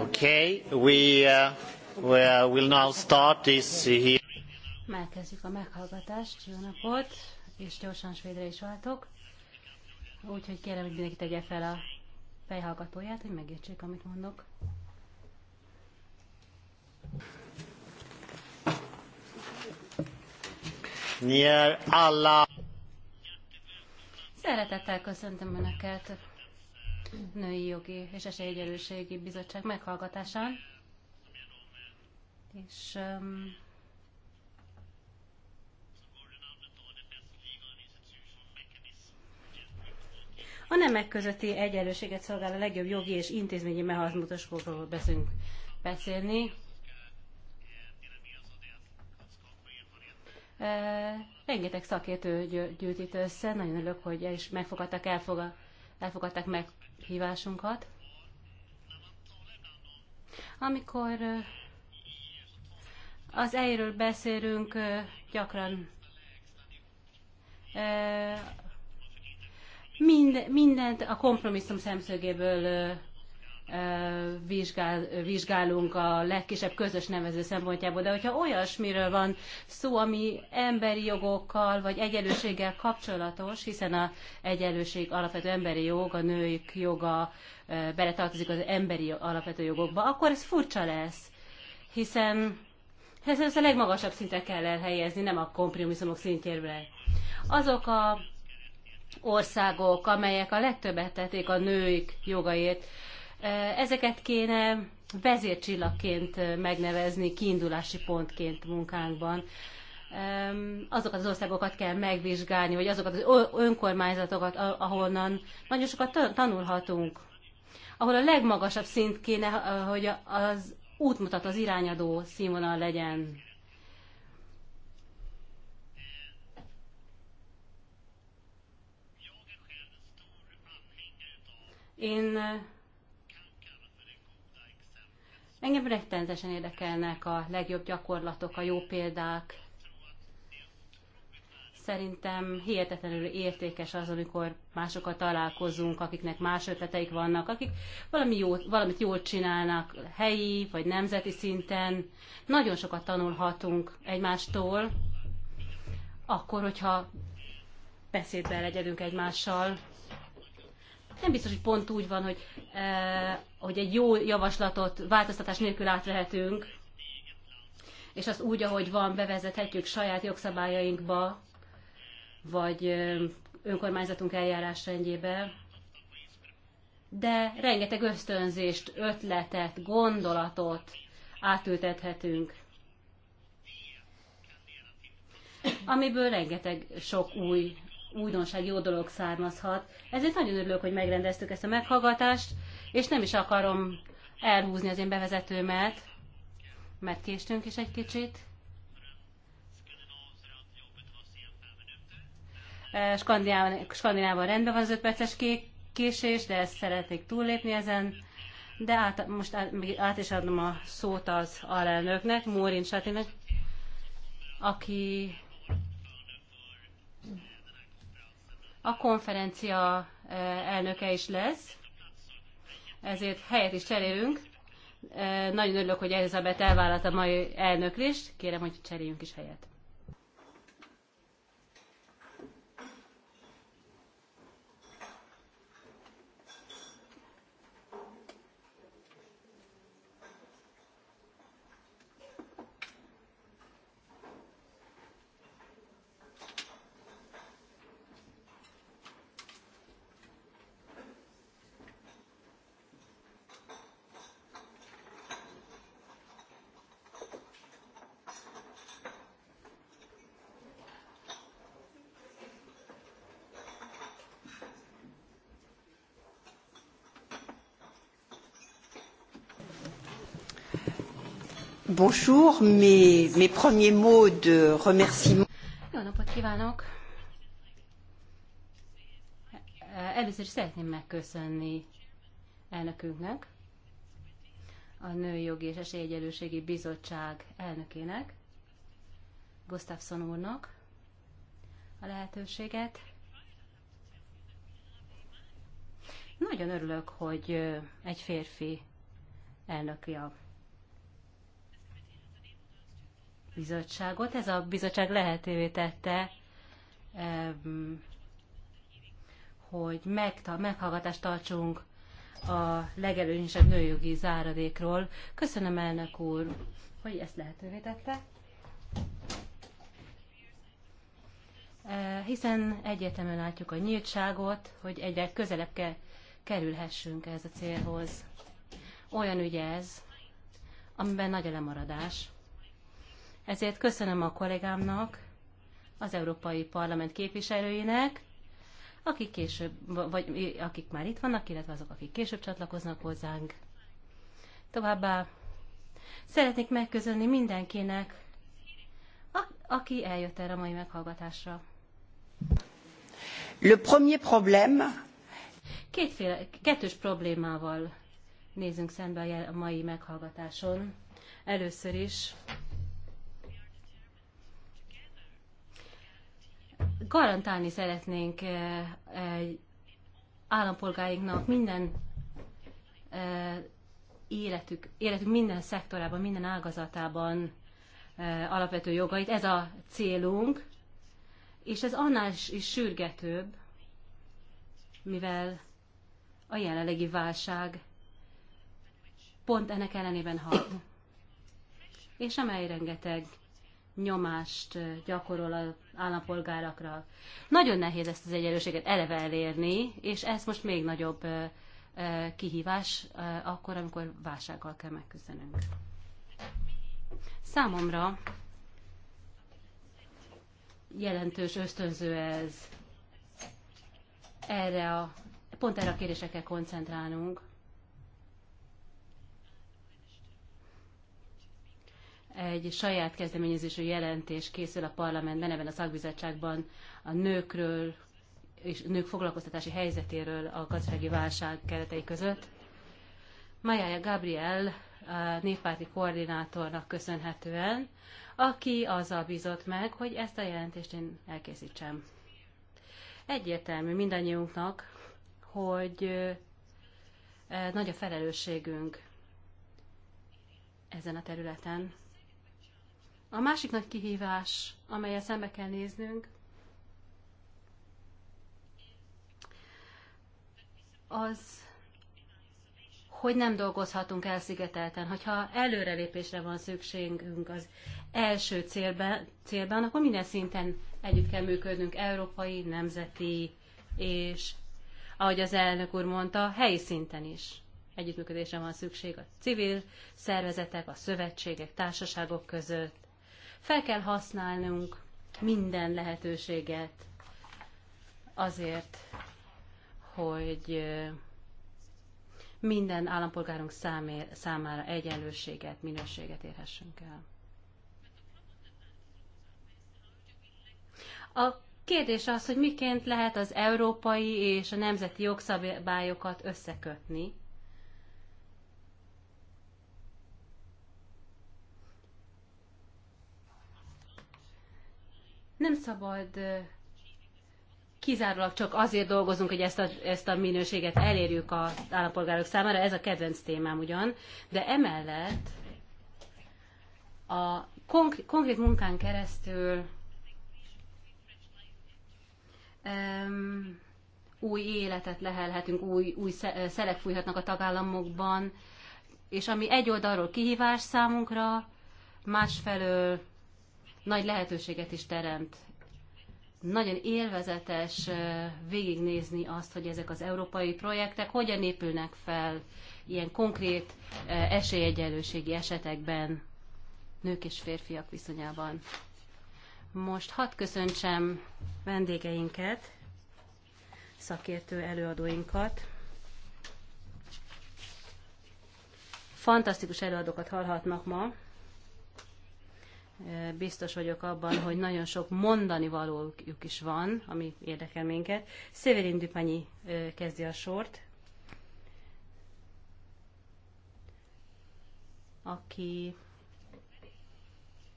Okay, we, uh, we uh, will now start this here. Megkezdjük a meghallgatást, jó napot, és gyorsan svédre is váltok. Úgyhogy kérem, hogy mindenki tegye fel a fejhallgatóját, hogy megértsék, amit mondok. Ni alla. Szeretettel köszöntöm Önöket Női Jogi és Esélyegyenlőségi Bizottság meghallgatásán. És um, a nemek közötti egyenlőséget szolgál a legjobb jogi és intézményi mechanizmusokról beszélünk beszélni. E, rengeteg szakértő gyűjtít össze, nagyon örülök, hogy el is megfogadtak, elfogad, elfogadtak meg hívásunkat. Amikor az ei beszélünk, gyakran mindent a kompromisszum szemszögéből vizsgál, vizsgálunk a legkisebb közös nevező szempontjából, de hogyha olyasmiről van szó, ami emberi jogokkal vagy egyenlőséggel kapcsolatos, hiszen a egyenlőség alapvető emberi jog, a nők joga beletartozik az emberi alapvető jogokba, akkor ez furcsa lesz, hiszen hiszen ezt a legmagasabb szintre kell elhelyezni, nem a kompromisszumok szintjére. Azok a országok, amelyek a legtöbbet tették a nők jogaért, Ezeket kéne vezércsillagként megnevezni, kiindulási pontként munkánkban. Azokat az országokat kell megvizsgálni, vagy azokat az önkormányzatokat, ahonnan nagyon sokat tanulhatunk, ahol a legmagasabb szint kéne, eh, hogy az útmutat az irányadó színvonal legyen. Én eh, Engem rettenetesen érdekelnek a legjobb gyakorlatok, a jó példák. Szerintem hihetetlenül értékes az, amikor másokkal találkozunk, akiknek más ötleteik vannak, akik valami jó, valamit jól csinálnak helyi vagy nemzeti szinten. Nagyon sokat tanulhatunk egymástól, akkor, hogyha beszédben legyedünk egymással, nem biztos, hogy pont úgy van, hogy, eh, hogy egy jó javaslatot változtatás nélkül átvehetünk, és azt úgy, ahogy van, bevezethetjük saját jogszabályainkba, vagy eh, önkormányzatunk eljárásrendjébe. De rengeteg ösztönzést, ötletet, gondolatot átültethetünk, amiből rengeteg sok új újdonság, jó dolog származhat. Ezért nagyon örülök, hogy megrendeztük ezt a meghallgatást, és nem is akarom elhúzni az én bevezetőmet, mert késtünk is egy kicsit. Eh, Skandinávban, Skandinávban rendben van az ötperces késés, de ezt szeretnék túllépni ezen. De át, most át, át is adom a szót az alelnöknek, Mórin Satinek, aki a konferencia elnöke is lesz, ezért helyet is cserélünk. Nagyon örülök, hogy Elizabeth elvállalta a mai elnöklést, kérem, hogy cseréljünk is helyet. bonjour. Mes, mes premiers mots de remerciement. Jó napot kívánok! Először is szeretném megköszönni elnökünknek, a és Esélyegyelőségi Bizottság elnökének, Gustafsson úrnak a lehetőséget. Nagyon örülök, hogy egy férfi elnöki a bizottságot. Ez a bizottság lehetővé tette, hogy meghallgatást tartsunk a legelőnyesebb nőjogi záradékról. Köszönöm elnök úr, hogy ezt lehetővé tette. E, hiszen egyértelműen látjuk a nyíltságot, hogy egyre közelebb ke- kerülhessünk ez a célhoz. Olyan ügy ez, amiben nagy a lemaradás. Ezért köszönöm a kollégámnak, az Európai Parlament képviselőinek, akik később, vagy akik már itt vannak, illetve azok, akik később csatlakoznak hozzánk. Továbbá szeretnék megköszönni mindenkinek, a, aki eljött erre a mai meghallgatásra. Le premier problème. Kétféle, kettős problémával nézünk szembe a mai meghallgatáson. Először is garantálni szeretnénk eh, állampolgáinknak minden eh, életük, életük minden szektorában, minden ágazatában eh, alapvető jogait. Ez a célunk, és ez annál is sürgetőbb, mivel a jelenlegi válság pont ennek ellenében hat, és amely rengeteg nyomást gyakorol a állampolgárakra. Nagyon nehéz ezt az egyenlőséget eleve elérni, és ez most még nagyobb kihívás akkor, amikor válsággal kell megküzdenünk. Számomra jelentős ösztönző ez. Erre a, pont erre a kérdésekkel koncentrálnunk. egy saját kezdeményezésű jelentés készül a parlamentben, ebben a szakbizottságban a nőkről és nők foglalkoztatási helyzetéről a gazdasági válság keretei között. Majája Gabriel a néppárti koordinátornak köszönhetően, aki azzal bízott meg, hogy ezt a jelentést én elkészítsem. Egyértelmű mindannyiunknak, hogy nagy a felelősségünk ezen a területen. A másik nagy kihívás, amelyet szembe kell néznünk, az, hogy nem dolgozhatunk elszigetelten. Hogyha előrelépésre van szükségünk az első célben, célben akkor minden szinten együtt kell működnünk, európai, nemzeti és, ahogy az elnök úr mondta, helyi szinten is együttműködésre van szükség a civil szervezetek, a szövetségek, társaságok között, fel kell használnunk minden lehetőséget azért, hogy minden állampolgárunk számér, számára egyenlőséget, minőséget érhessünk el. A kérdés az, hogy miként lehet az európai és a nemzeti jogszabályokat összekötni, Nem szabad kizárólag csak azért dolgozunk, hogy ezt a, ezt a minőséget elérjük az állampolgárok számára, ez a kedvenc témám ugyan, de emellett a konkrét, konkrét munkán keresztül um, új életet lehelhetünk, új, új szelek fújhatnak a tagállamokban, és ami egy oldalról kihívás számunkra, másfelől nagy lehetőséget is teremt. Nagyon élvezetes végignézni azt, hogy ezek az európai projektek hogyan épülnek fel ilyen konkrét esélyegyenlőségi esetekben, nők és férfiak viszonyában. Most hadd köszöntsem vendégeinket, szakértő előadóinkat. Fantasztikus előadókat hallhatnak ma biztos vagyok abban, hogy nagyon sok mondani valójuk is van, ami érdekel minket. Széverin Düpanyi kezdi a sort, aki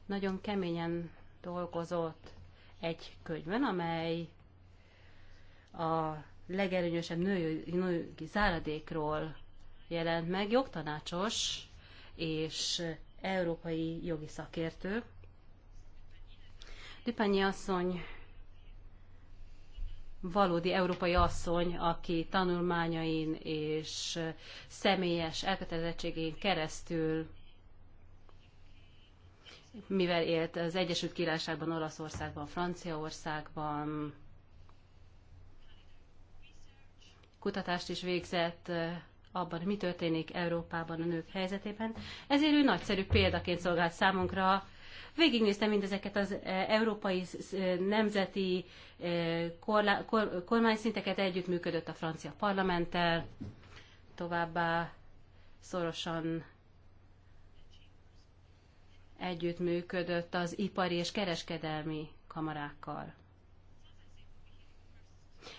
nagyon keményen dolgozott egy könyvön, amely a legerőnyösebb női, női záradékról jelent meg, jogtanácsos és európai jogi szakértő. Lipányi asszony valódi európai asszony, aki tanulmányain és személyes elkötelezettségén keresztül, mivel élt az Egyesült Királyságban, Olaszországban, Franciaországban, kutatást is végzett eh, abban, mi történik Európában a nők helyzetében. Ezért ő nagyszerű példaként szolgált számunkra, Végignéztem mindezeket az e, európai e, nemzeti e, kormányszinteket, együttműködött a francia parlamenttel, továbbá szorosan együttműködött az ipari és kereskedelmi kamarákkal.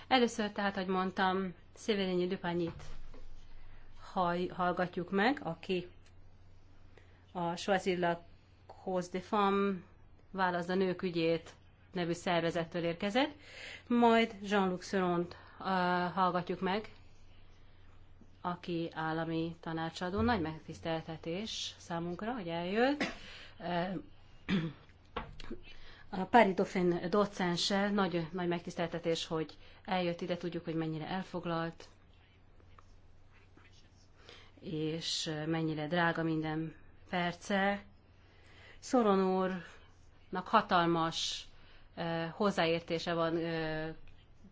Először tehát, hogy mondtam, Széverényi Dupányit hallgatjuk meg, aki a Svazilag Hoz de Femme válasz a nők ügyét nevű szervezettől érkezett, majd Jean-Luc Söront uh, hallgatjuk meg, aki állami tanácsadó. Nagy megtiszteltetés számunkra, hogy eljött. Uh, a Pári Dauphin docense, nagy, nagy megtiszteltetés, hogy eljött ide, tudjuk, hogy mennyire elfoglalt, és mennyire drága minden perce, Szoron úrnak hatalmas hozzáértése van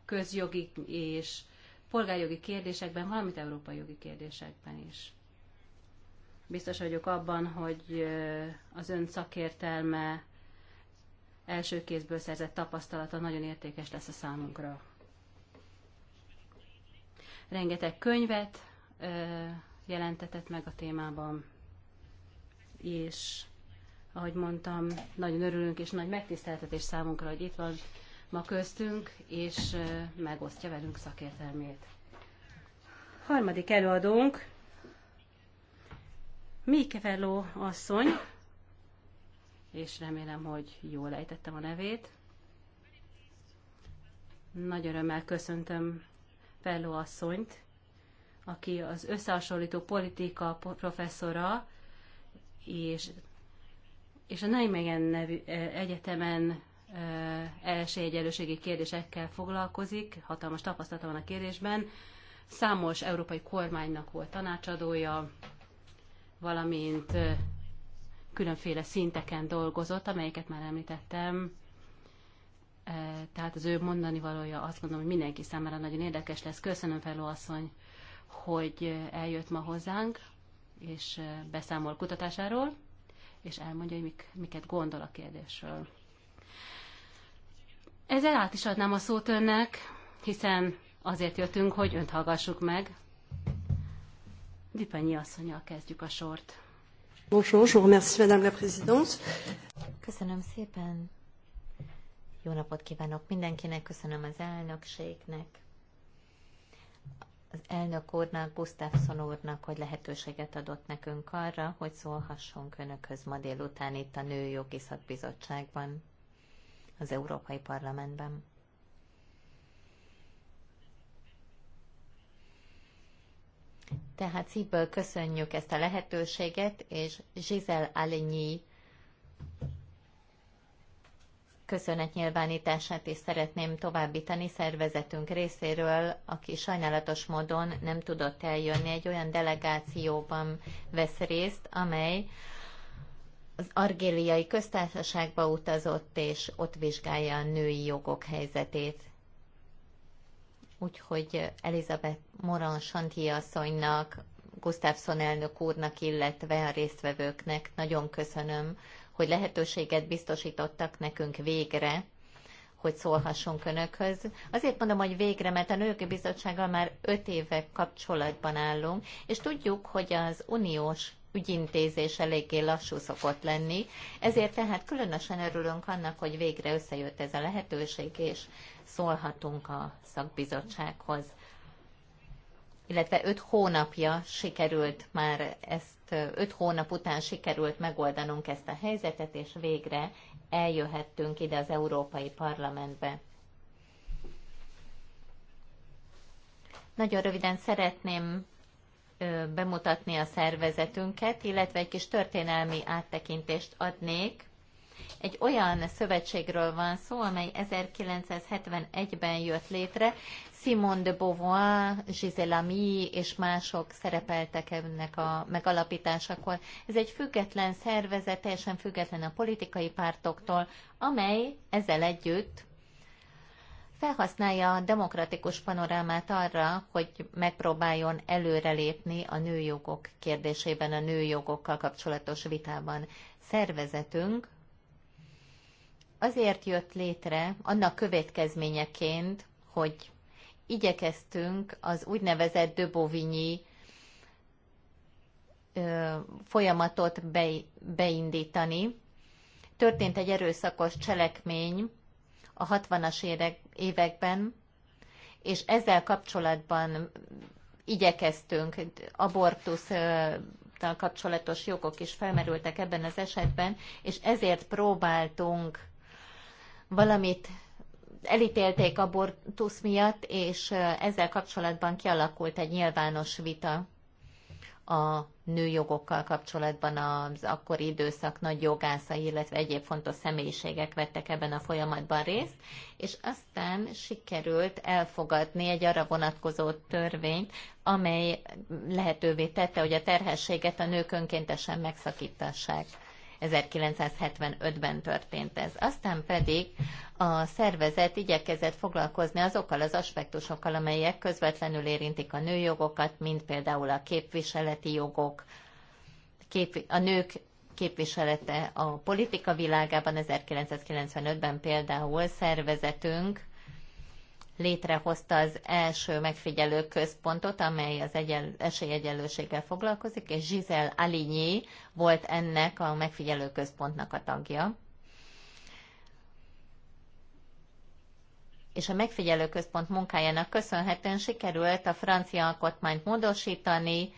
közjogi és polgárjogi kérdésekben, valamint európai jogi kérdésekben is. Biztos vagyok abban, hogy az ön szakértelme első kézből szerzett tapasztalata nagyon értékes lesz a számunkra. Rengeteg könyvet jelentetett meg a témában, és ahogy mondtam, nagyon örülünk és nagy megtiszteltetés számunkra, hogy itt van ma köztünk, és megosztja velünk szakértelmét. Harmadik előadónk, Mikeveló asszony, és remélem, hogy jól ejtettem a nevét. Nagy örömmel köszöntöm Felló asszonyt, aki az összehasonlító politika professzora, és és a Nijmegen nevű egyetemen esélyegyenlőségi kérdésekkel foglalkozik, hatalmas tapasztalata van a kérdésben. Számos európai kormánynak volt tanácsadója, valamint különféle szinteken dolgozott, amelyeket már említettem. Tehát az ő mondani valója azt gondolom, hogy mindenki számára nagyon érdekes lesz. Köszönöm, fel, asszony, hogy eljött ma hozzánk, és beszámol kutatásáról és elmondja, hogy mik, miket gondol a kérdésről. Ezzel át is adnám a szót önnek, hiszen azért jöttünk, hogy önt hallgassuk meg. Dipenyi asszonyjal kezdjük a sort. Bonjour, je vous remercie, Madame la Présidente. Köszönöm szépen. Jó napot kívánok mindenkinek, köszönöm az elnökségnek, az elnök úrnak, Gustafsson úrnak, hogy lehetőséget adott nekünk arra, hogy szólhassunk Önökhöz ma délután itt a Nőjogi Szakbizottságban, az Európai Parlamentben. Tehát szívből köszönjük ezt a lehetőséget, és Giselle Aligny köszönetnyilvánítását is szeretném továbbítani szervezetünk részéről, aki sajnálatos módon nem tudott eljönni, egy olyan delegációban vesz részt, amely az argéliai köztársaságba utazott, és ott vizsgálja a női jogok helyzetét. Úgyhogy Elizabeth Moran Santi asszonynak, Gustafsson elnök úrnak, illetve a résztvevőknek nagyon köszönöm, hogy lehetőséget biztosítottak nekünk végre, hogy szólhassunk önökhöz. Azért mondom, hogy végre, mert a Nőjogi Bizottsággal már öt éve kapcsolatban állunk, és tudjuk, hogy az uniós ügyintézés eléggé lassú szokott lenni, ezért tehát különösen örülünk annak, hogy végre összejött ez a lehetőség, és szólhatunk a szakbizottsághoz illetve öt hónapja sikerült már ezt, öt hónap után sikerült megoldanunk ezt a helyzetet, és végre eljöhettünk ide az Európai Parlamentbe. Nagyon röviden szeretném bemutatni a szervezetünket, illetve egy kis történelmi áttekintést adnék. Egy olyan szövetségről van szó, amely 1971-ben jött létre, Simone de Beauvoir, Gisela Mi és mások szerepeltek ennek a megalapításakor. Ez egy független szervezet, teljesen független a politikai pártoktól, amely ezzel együtt felhasználja a demokratikus panorámát arra, hogy megpróbáljon előrelépni a nőjogok kérdésében, a nőjogokkal kapcsolatos vitában. Szervezetünk azért jött létre, annak következményeként, hogy igyekeztünk az úgynevezett Döbovinyi folyamatot beindítani. Történt egy erőszakos cselekmény a 60-as években, és ezzel kapcsolatban igyekeztünk, abortusztal kapcsolatos jogok is felmerültek ebben az esetben, és ezért próbáltunk valamit elítélték abortusz miatt, és ezzel kapcsolatban kialakult egy nyilvános vita a nőjogokkal kapcsolatban az akkori időszak nagy jogászai, illetve egyéb fontos személyiségek vettek ebben a folyamatban részt, és aztán sikerült elfogadni egy arra vonatkozó törvényt, amely lehetővé tette, hogy a terhességet a nők önkéntesen megszakítassák. 1975-ben történt ez. Aztán pedig a szervezet igyekezett foglalkozni azokkal az aspektusokkal, amelyek közvetlenül érintik a nőjogokat, mint például a képviseleti jogok, kép, a nők képviselete a politika világában 1995-ben például szervezetünk létrehozta az első megfigyelő központot, amely az egyen, esélyegyenlőséggel foglalkozik, és Giselle Aligny volt ennek a megfigyelő központnak a tagja. és a megfigyelő központ munkájának köszönhetően sikerült a francia alkotmányt módosítani,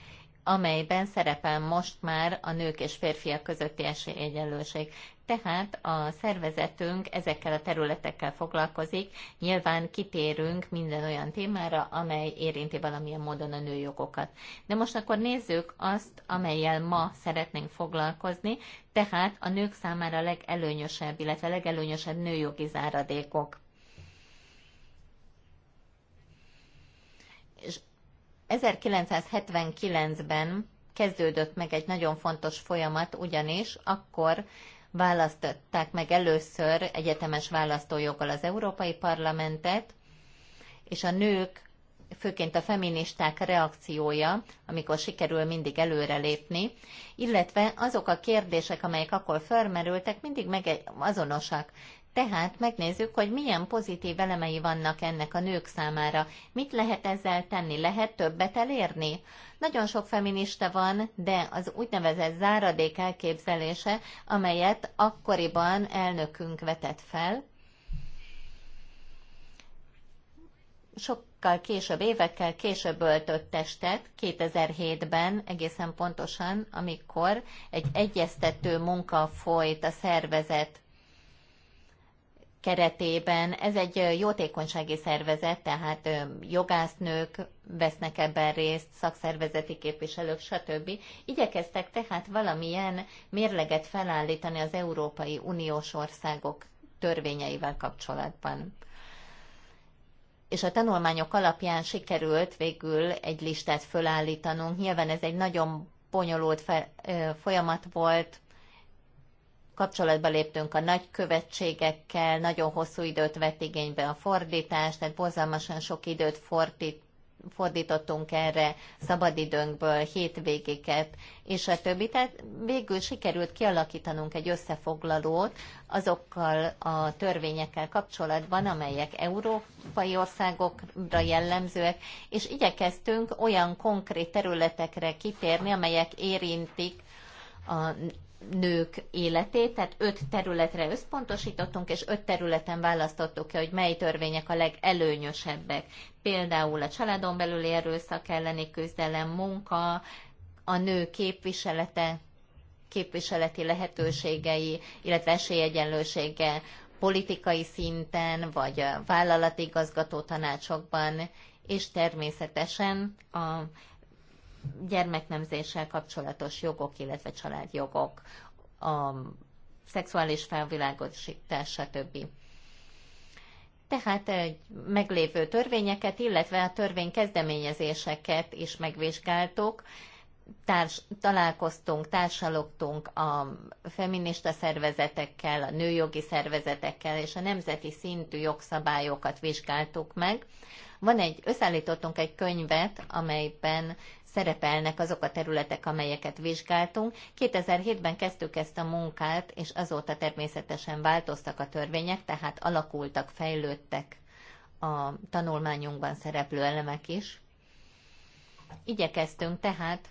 amelyben szerepel most már a nők és férfiak közötti esélyegyenlőség. Tehát a szervezetünk ezekkel a területekkel foglalkozik, nyilván kitérünk minden olyan témára, amely érinti valamilyen módon a nőjogokat. De most akkor nézzük azt, amelyel ma szeretnénk foglalkozni, tehát a nők számára legelőnyösebb, illetve legelőnyösebb nőjogi záradékok. És 1979-ben kezdődött meg egy nagyon fontos folyamat, ugyanis akkor választották meg először egyetemes választójoggal az Európai Parlamentet, és a nők, főként a feministák reakciója, amikor sikerül mindig előrelépni, illetve azok a kérdések, amelyek akkor felmerültek, mindig meg azonosak. Tehát megnézzük, hogy milyen pozitív elemei vannak ennek a nők számára. Mit lehet ezzel tenni? Lehet többet elérni? Nagyon sok feminista van, de az úgynevezett záradék elképzelése, amelyet akkoriban elnökünk vetett fel, sokkal később, évekkel később öltött testet, 2007-ben egészen pontosan, amikor egy egyeztető munka folyt a szervezet keretében. Ez egy jótékonysági szervezet, tehát jogásznők vesznek ebben részt, szakszervezeti képviselők, stb. Igyekeztek tehát valamilyen mérleget felállítani az Európai Uniós országok törvényeivel kapcsolatban. És a tanulmányok alapján sikerült végül egy listát fölállítanunk. Nyilván ez egy nagyon bonyolult folyamat volt, kapcsolatba léptünk a nagykövetségekkel, nagyon hosszú időt vett igénybe a fordítás, tehát borzalmasan sok időt fordít, fordítottunk erre szabadidőnkből, hétvégéket, és a többi. Tehát végül sikerült kialakítanunk egy összefoglalót azokkal a törvényekkel kapcsolatban, amelyek európai országokra jellemzőek, és igyekeztünk olyan konkrét területekre kitérni, amelyek érintik a nők életét, tehát öt területre összpontosítottunk, és öt területen választottuk ki, hogy mely törvények a legelőnyösebbek. Például a családon belüli erőszak elleni küzdelem, munka, a nő képviselete, képviseleti lehetőségei, illetve esélyegyenlősége politikai szinten, vagy vállalati igazgató tanácsokban, és természetesen a gyermeknemzéssel kapcsolatos jogok, illetve családjogok, a szexuális felvilágosítás, stb. Tehát egy meglévő törvényeket, illetve a törvény kezdeményezéseket is megvizsgáltuk, társ, találkoztunk, társalogtunk a feminista szervezetekkel, a nőjogi szervezetekkel, és a nemzeti szintű jogszabályokat vizsgáltuk meg. Van egy, összeállítottunk egy könyvet, amelyben szerepelnek azok a területek, amelyeket vizsgáltunk. 2007-ben kezdtük ezt a munkát, és azóta természetesen változtak a törvények, tehát alakultak, fejlődtek a tanulmányunkban szereplő elemek is. Igyekeztünk tehát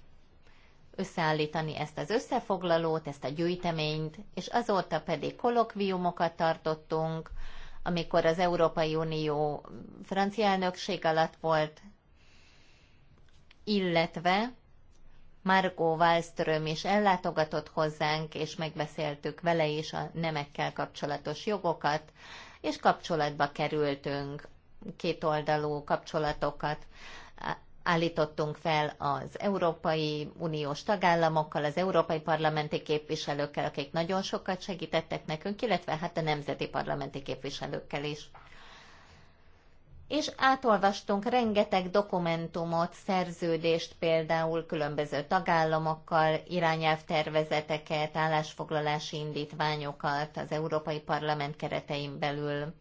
összeállítani ezt az összefoglalót, ezt a gyűjteményt, és azóta pedig kolokviumokat tartottunk, amikor az Európai Unió francia elnökség alatt volt, illetve Margó Wallström is ellátogatott hozzánk, és megbeszéltük vele is a nemekkel kapcsolatos jogokat, és kapcsolatba kerültünk, kétoldalú kapcsolatokat állítottunk fel az Európai Uniós tagállamokkal, az Európai Parlamenti képviselőkkel, akik nagyon sokat segítettek nekünk, illetve hát a nemzeti parlamenti képviselőkkel is és átolvastunk rengeteg dokumentumot, szerződést például különböző tagállamokkal, irányelvtervezeteket, állásfoglalási indítványokat az Európai Parlament keretein belül.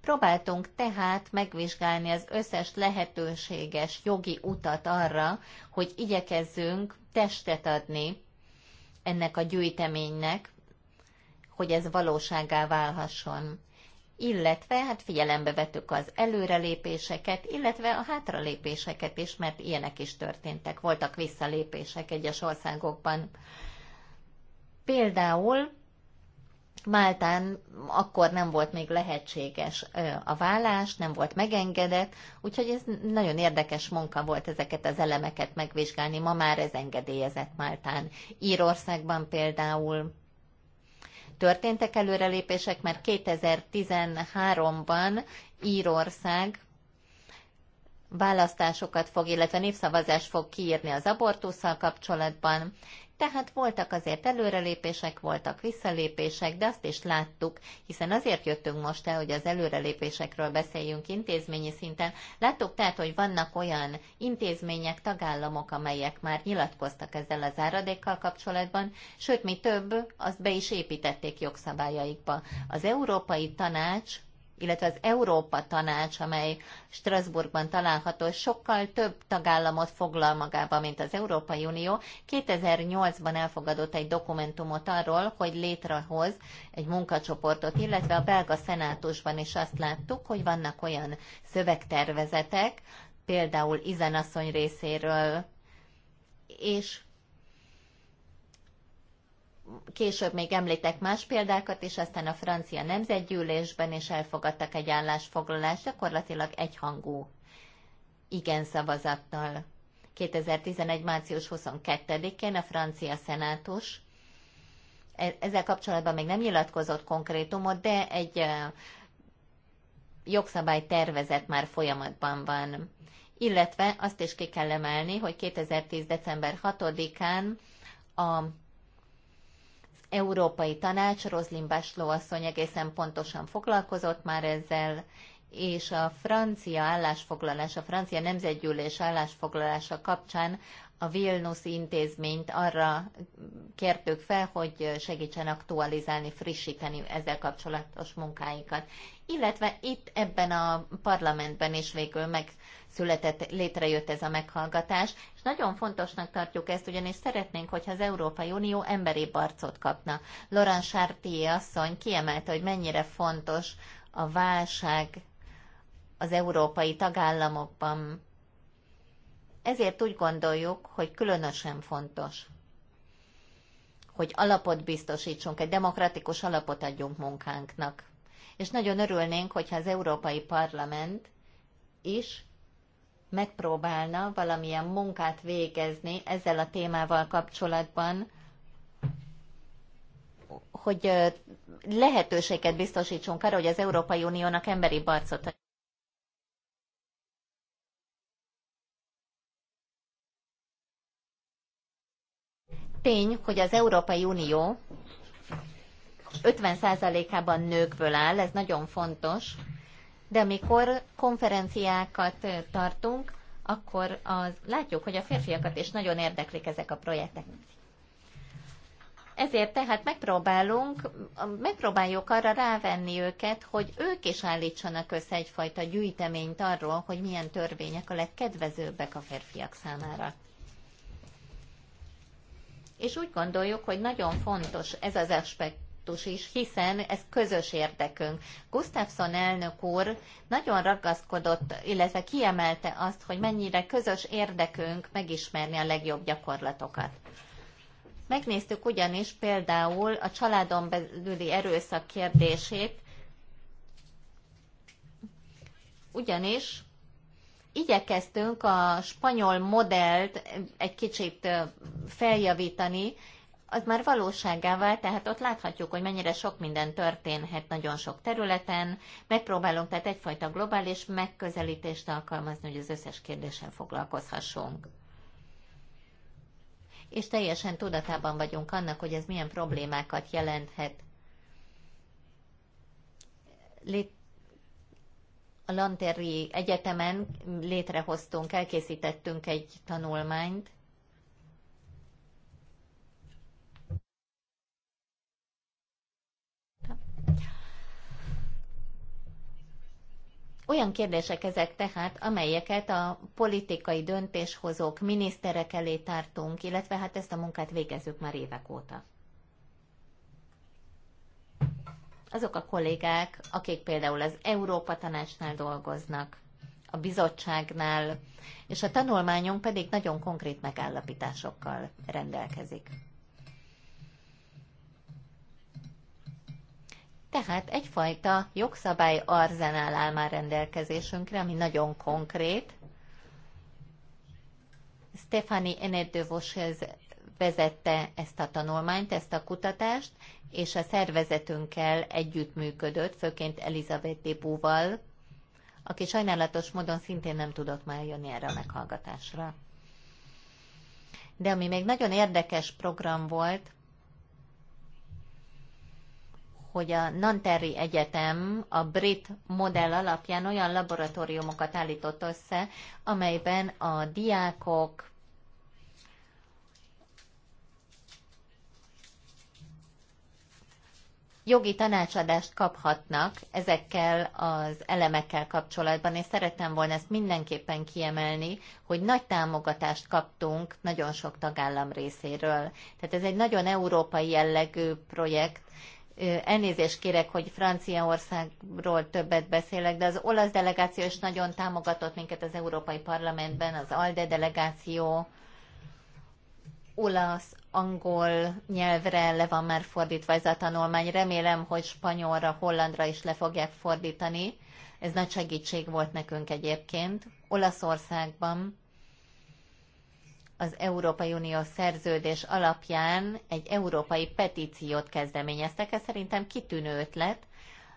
Próbáltunk tehát megvizsgálni az összes lehetőséges jogi utat arra, hogy igyekezzünk testet adni ennek a gyűjteménynek, hogy ez valóságá válhasson illetve hát figyelembe vettük az előrelépéseket, illetve a hátralépéseket is, mert ilyenek is történtek. Voltak visszalépések egyes országokban. Például Máltán akkor nem volt még lehetséges a vállás, nem volt megengedett, úgyhogy ez nagyon érdekes munka volt ezeket az elemeket megvizsgálni. Ma már ez engedélyezett Máltán. Írországban például Történtek előrelépések, mert 2013-ban Írország választásokat fog, illetve népszavazást fog kiírni az abortussal kapcsolatban, tehát voltak azért előrelépések, voltak visszalépések, de azt is láttuk, hiszen azért jöttünk most el, hogy az előrelépésekről beszéljünk intézményi szinten. Láttuk tehát, hogy vannak olyan intézmények, tagállamok, amelyek már nyilatkoztak ezzel az áradékkal kapcsolatban, sőt, mi több, azt be is építették jogszabályaikba. Az Európai Tanács illetve az Európa Tanács, amely Strasbourgban található, sokkal több tagállamot foglal magába, mint az Európai Unió. 2008-ban elfogadott egy dokumentumot arról, hogy létrehoz egy munkacsoportot, illetve a belga szenátusban is azt láttuk, hogy vannak olyan szövegtervezetek, például Izenasszony részéről, és később még említek más példákat, és aztán a francia nemzetgyűlésben is elfogadtak egy állásfoglalást, gyakorlatilag egyhangú igen szavazattal. 2011. március 22-én a francia szenátus e, ezzel kapcsolatban még nem nyilatkozott konkrétumot, de egy jogszabály tervezet már folyamatban van. Illetve azt is ki kell emelni, hogy 2010. december 6-án a Európai Tanács, Roslin, Basló asszony egészen pontosan foglalkozott már ezzel, és a francia állásfoglalás, a francia nemzetgyűlés állásfoglalása kapcsán a Vilnus intézményt arra kértük fel, hogy segítsen aktualizálni, frissíteni ezzel kapcsolatos munkáikat. Illetve itt ebben a parlamentben is végül meg született, létrejött ez a meghallgatás, és nagyon fontosnak tartjuk ezt, ugyanis szeretnénk, hogyha az Európai Unió emberi barcot kapna. Laurent Chartier asszony kiemelte, hogy mennyire fontos a válság az európai tagállamokban. Ezért úgy gondoljuk, hogy különösen fontos, hogy alapot biztosítsunk, egy demokratikus alapot adjunk munkánknak. És nagyon örülnénk, hogyha az Európai Parlament is megpróbálna valamilyen munkát végezni ezzel a témával kapcsolatban, hogy lehetőséget biztosítsunk arra, hogy az Európai Uniónak emberi barcot Tény, hogy az Európai Unió 50%-ában nőkből áll, ez nagyon fontos, de amikor konferenciákat tartunk, akkor az, látjuk, hogy a férfiakat is nagyon érdeklik ezek a projektek. Ezért tehát megpróbálunk, megpróbáljuk arra rávenni őket, hogy ők is állítsanak össze egyfajta gyűjteményt arról, hogy milyen törvények a legkedvezőbbek a férfiak számára. És úgy gondoljuk, hogy nagyon fontos ez az aspekt, konfliktus is, hiszen ez közös érdekünk. Gustafsson elnök úr nagyon ragaszkodott, illetve kiemelte azt, hogy mennyire közös érdekünk megismerni a legjobb gyakorlatokat. Megnéztük ugyanis például a családon belüli erőszak kérdését, ugyanis igyekeztünk a spanyol modellt egy kicsit feljavítani, az már valóságá vált, tehát ott láthatjuk, hogy mennyire sok minden történhet nagyon sok területen. Megpróbálunk tehát egyfajta globális megközelítést alkalmazni, hogy az összes kérdéssel foglalkozhassunk. És teljesen tudatában vagyunk annak, hogy ez milyen problémákat jelenthet. Lét a Lanteri Egyetemen létrehoztunk, elkészítettünk egy tanulmányt, Olyan kérdések ezek tehát, amelyeket a politikai döntéshozók, miniszterek elé tártunk, illetve hát ezt a munkát végezzük már évek óta. Azok a kollégák, akik például az Európa Tanácsnál dolgoznak, a bizottságnál, és a tanulmányunk pedig nagyon konkrét megállapításokkal rendelkezik. Tehát egyfajta jogszabály arzenál áll már rendelkezésünkre, ami nagyon konkrét. Stefani Enedővoshez vezette ezt a tanulmányt, ezt a kutatást, és a szervezetünkkel együttműködött, főként Elizabeth Debúval, aki sajnálatos módon szintén nem tudott már jönni erre a meghallgatásra. De ami még nagyon érdekes program volt, hogy a Nanteri Egyetem a brit modell alapján olyan laboratóriumokat állított össze, amelyben a diákok, jogi tanácsadást kaphatnak ezekkel az elemekkel kapcsolatban, és szerettem volna ezt mindenképpen kiemelni, hogy nagy támogatást kaptunk nagyon sok tagállam részéről. Tehát ez egy nagyon európai jellegű projekt, elnézést kérek, hogy Franciaországról többet beszélek, de az olasz delegáció is nagyon támogatott minket az Európai Parlamentben, az ALDE delegáció olasz, angol nyelvre le van már fordítva ez a tanulmány. Remélem, hogy spanyolra, hollandra is le fogják fordítani. Ez nagy segítség volt nekünk egyébként. Olaszországban az Európai Unió szerződés alapján egy európai petíciót kezdeményeztek. Ez szerintem kitűnő ötlet.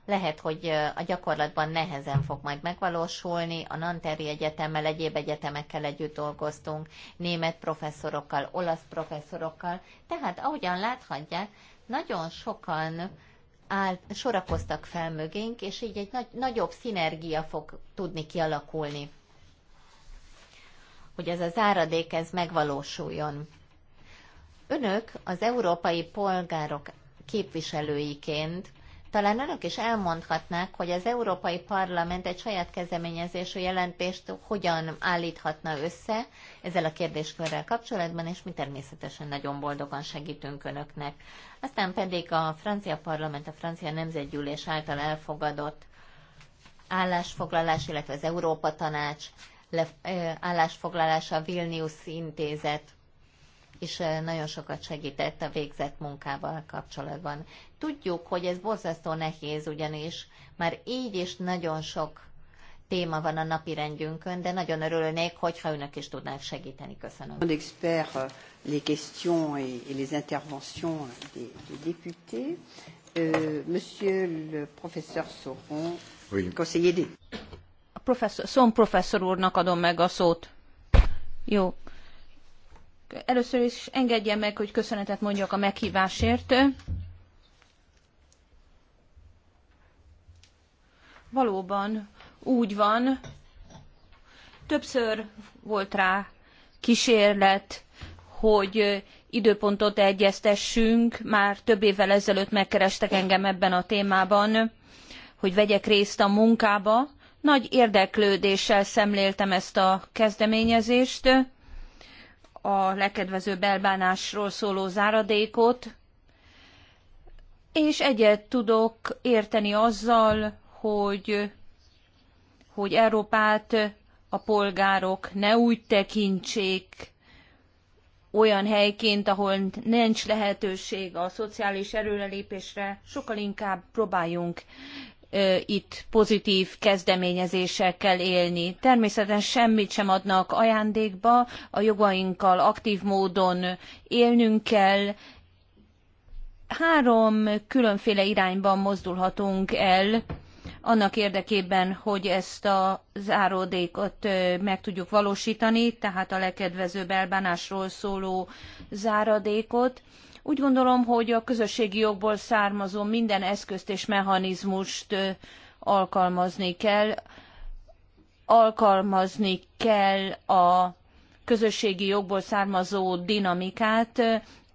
Lehet, hogy a gyakorlatban nehezen fog majd megvalósulni. A Nanteri Egyetemmel, egyéb egyetemekkel együtt dolgoztunk, német professzorokkal, olasz professzorokkal. Tehát ahogyan láthatják, nagyon sokan áll, sorakoztak fel mögénk, és így egy nagy, nagyobb szinergia fog tudni kialakulni hogy ez a záradék ez megvalósuljon. Önök az európai polgárok képviselőiként talán önök is elmondhatnák, hogy az Európai Parlament egy saját kezdeményezésű jelentést hogyan állíthatna össze ezzel a kérdéskörrel kapcsolatban, és mi természetesen nagyon boldogan segítünk önöknek. Aztán pedig a francia parlament, a francia nemzetgyűlés által elfogadott állásfoglalás, illetve az Európa Tanács le, állásfoglalása a Vilnius intézet és nagyon sokat segített a végzett munkával kapcsolatban. Tudjuk, hogy ez borzasztó nehéz, ugyanis már így is nagyon sok téma van a napi rendjünkön, de nagyon örülnék, hogyha önök is tudnák segíteni. Köszönöm. Expert, euh, les questions et les interventions des, des députés. Euh, monsieur le professeur Sauron, oui. conseiller des professzor, professzor úrnak adom meg a szót. Jó. Először is engedje meg, hogy köszönetet mondjak a meghívásért. Valóban úgy van, többször volt rá kísérlet, hogy időpontot egyeztessünk, már több évvel ezelőtt megkerestek engem ebben a témában, hogy vegyek részt a munkába, nagy érdeklődéssel szemléltem ezt a kezdeményezést, a lekedvező belbánásról szóló záradékot, és egyet tudok érteni azzal, hogy, hogy Európát a polgárok ne úgy tekintsék olyan helyként, ahol nincs lehetőség a szociális erőrelépésre, sokkal inkább próbáljunk itt pozitív kezdeményezésekkel élni. Természetesen semmit sem adnak ajándékba, a jogainkkal aktív módon élnünk kell. Három különféle irányban mozdulhatunk el annak érdekében, hogy ezt a záródékot meg tudjuk valósítani, tehát a legkedvezőbb elbánásról szóló záradékot úgy gondolom, hogy a közösségi jogból származó minden eszközt és mechanizmust alkalmazni kell. Alkalmazni kell a közösségi jogból származó dinamikát.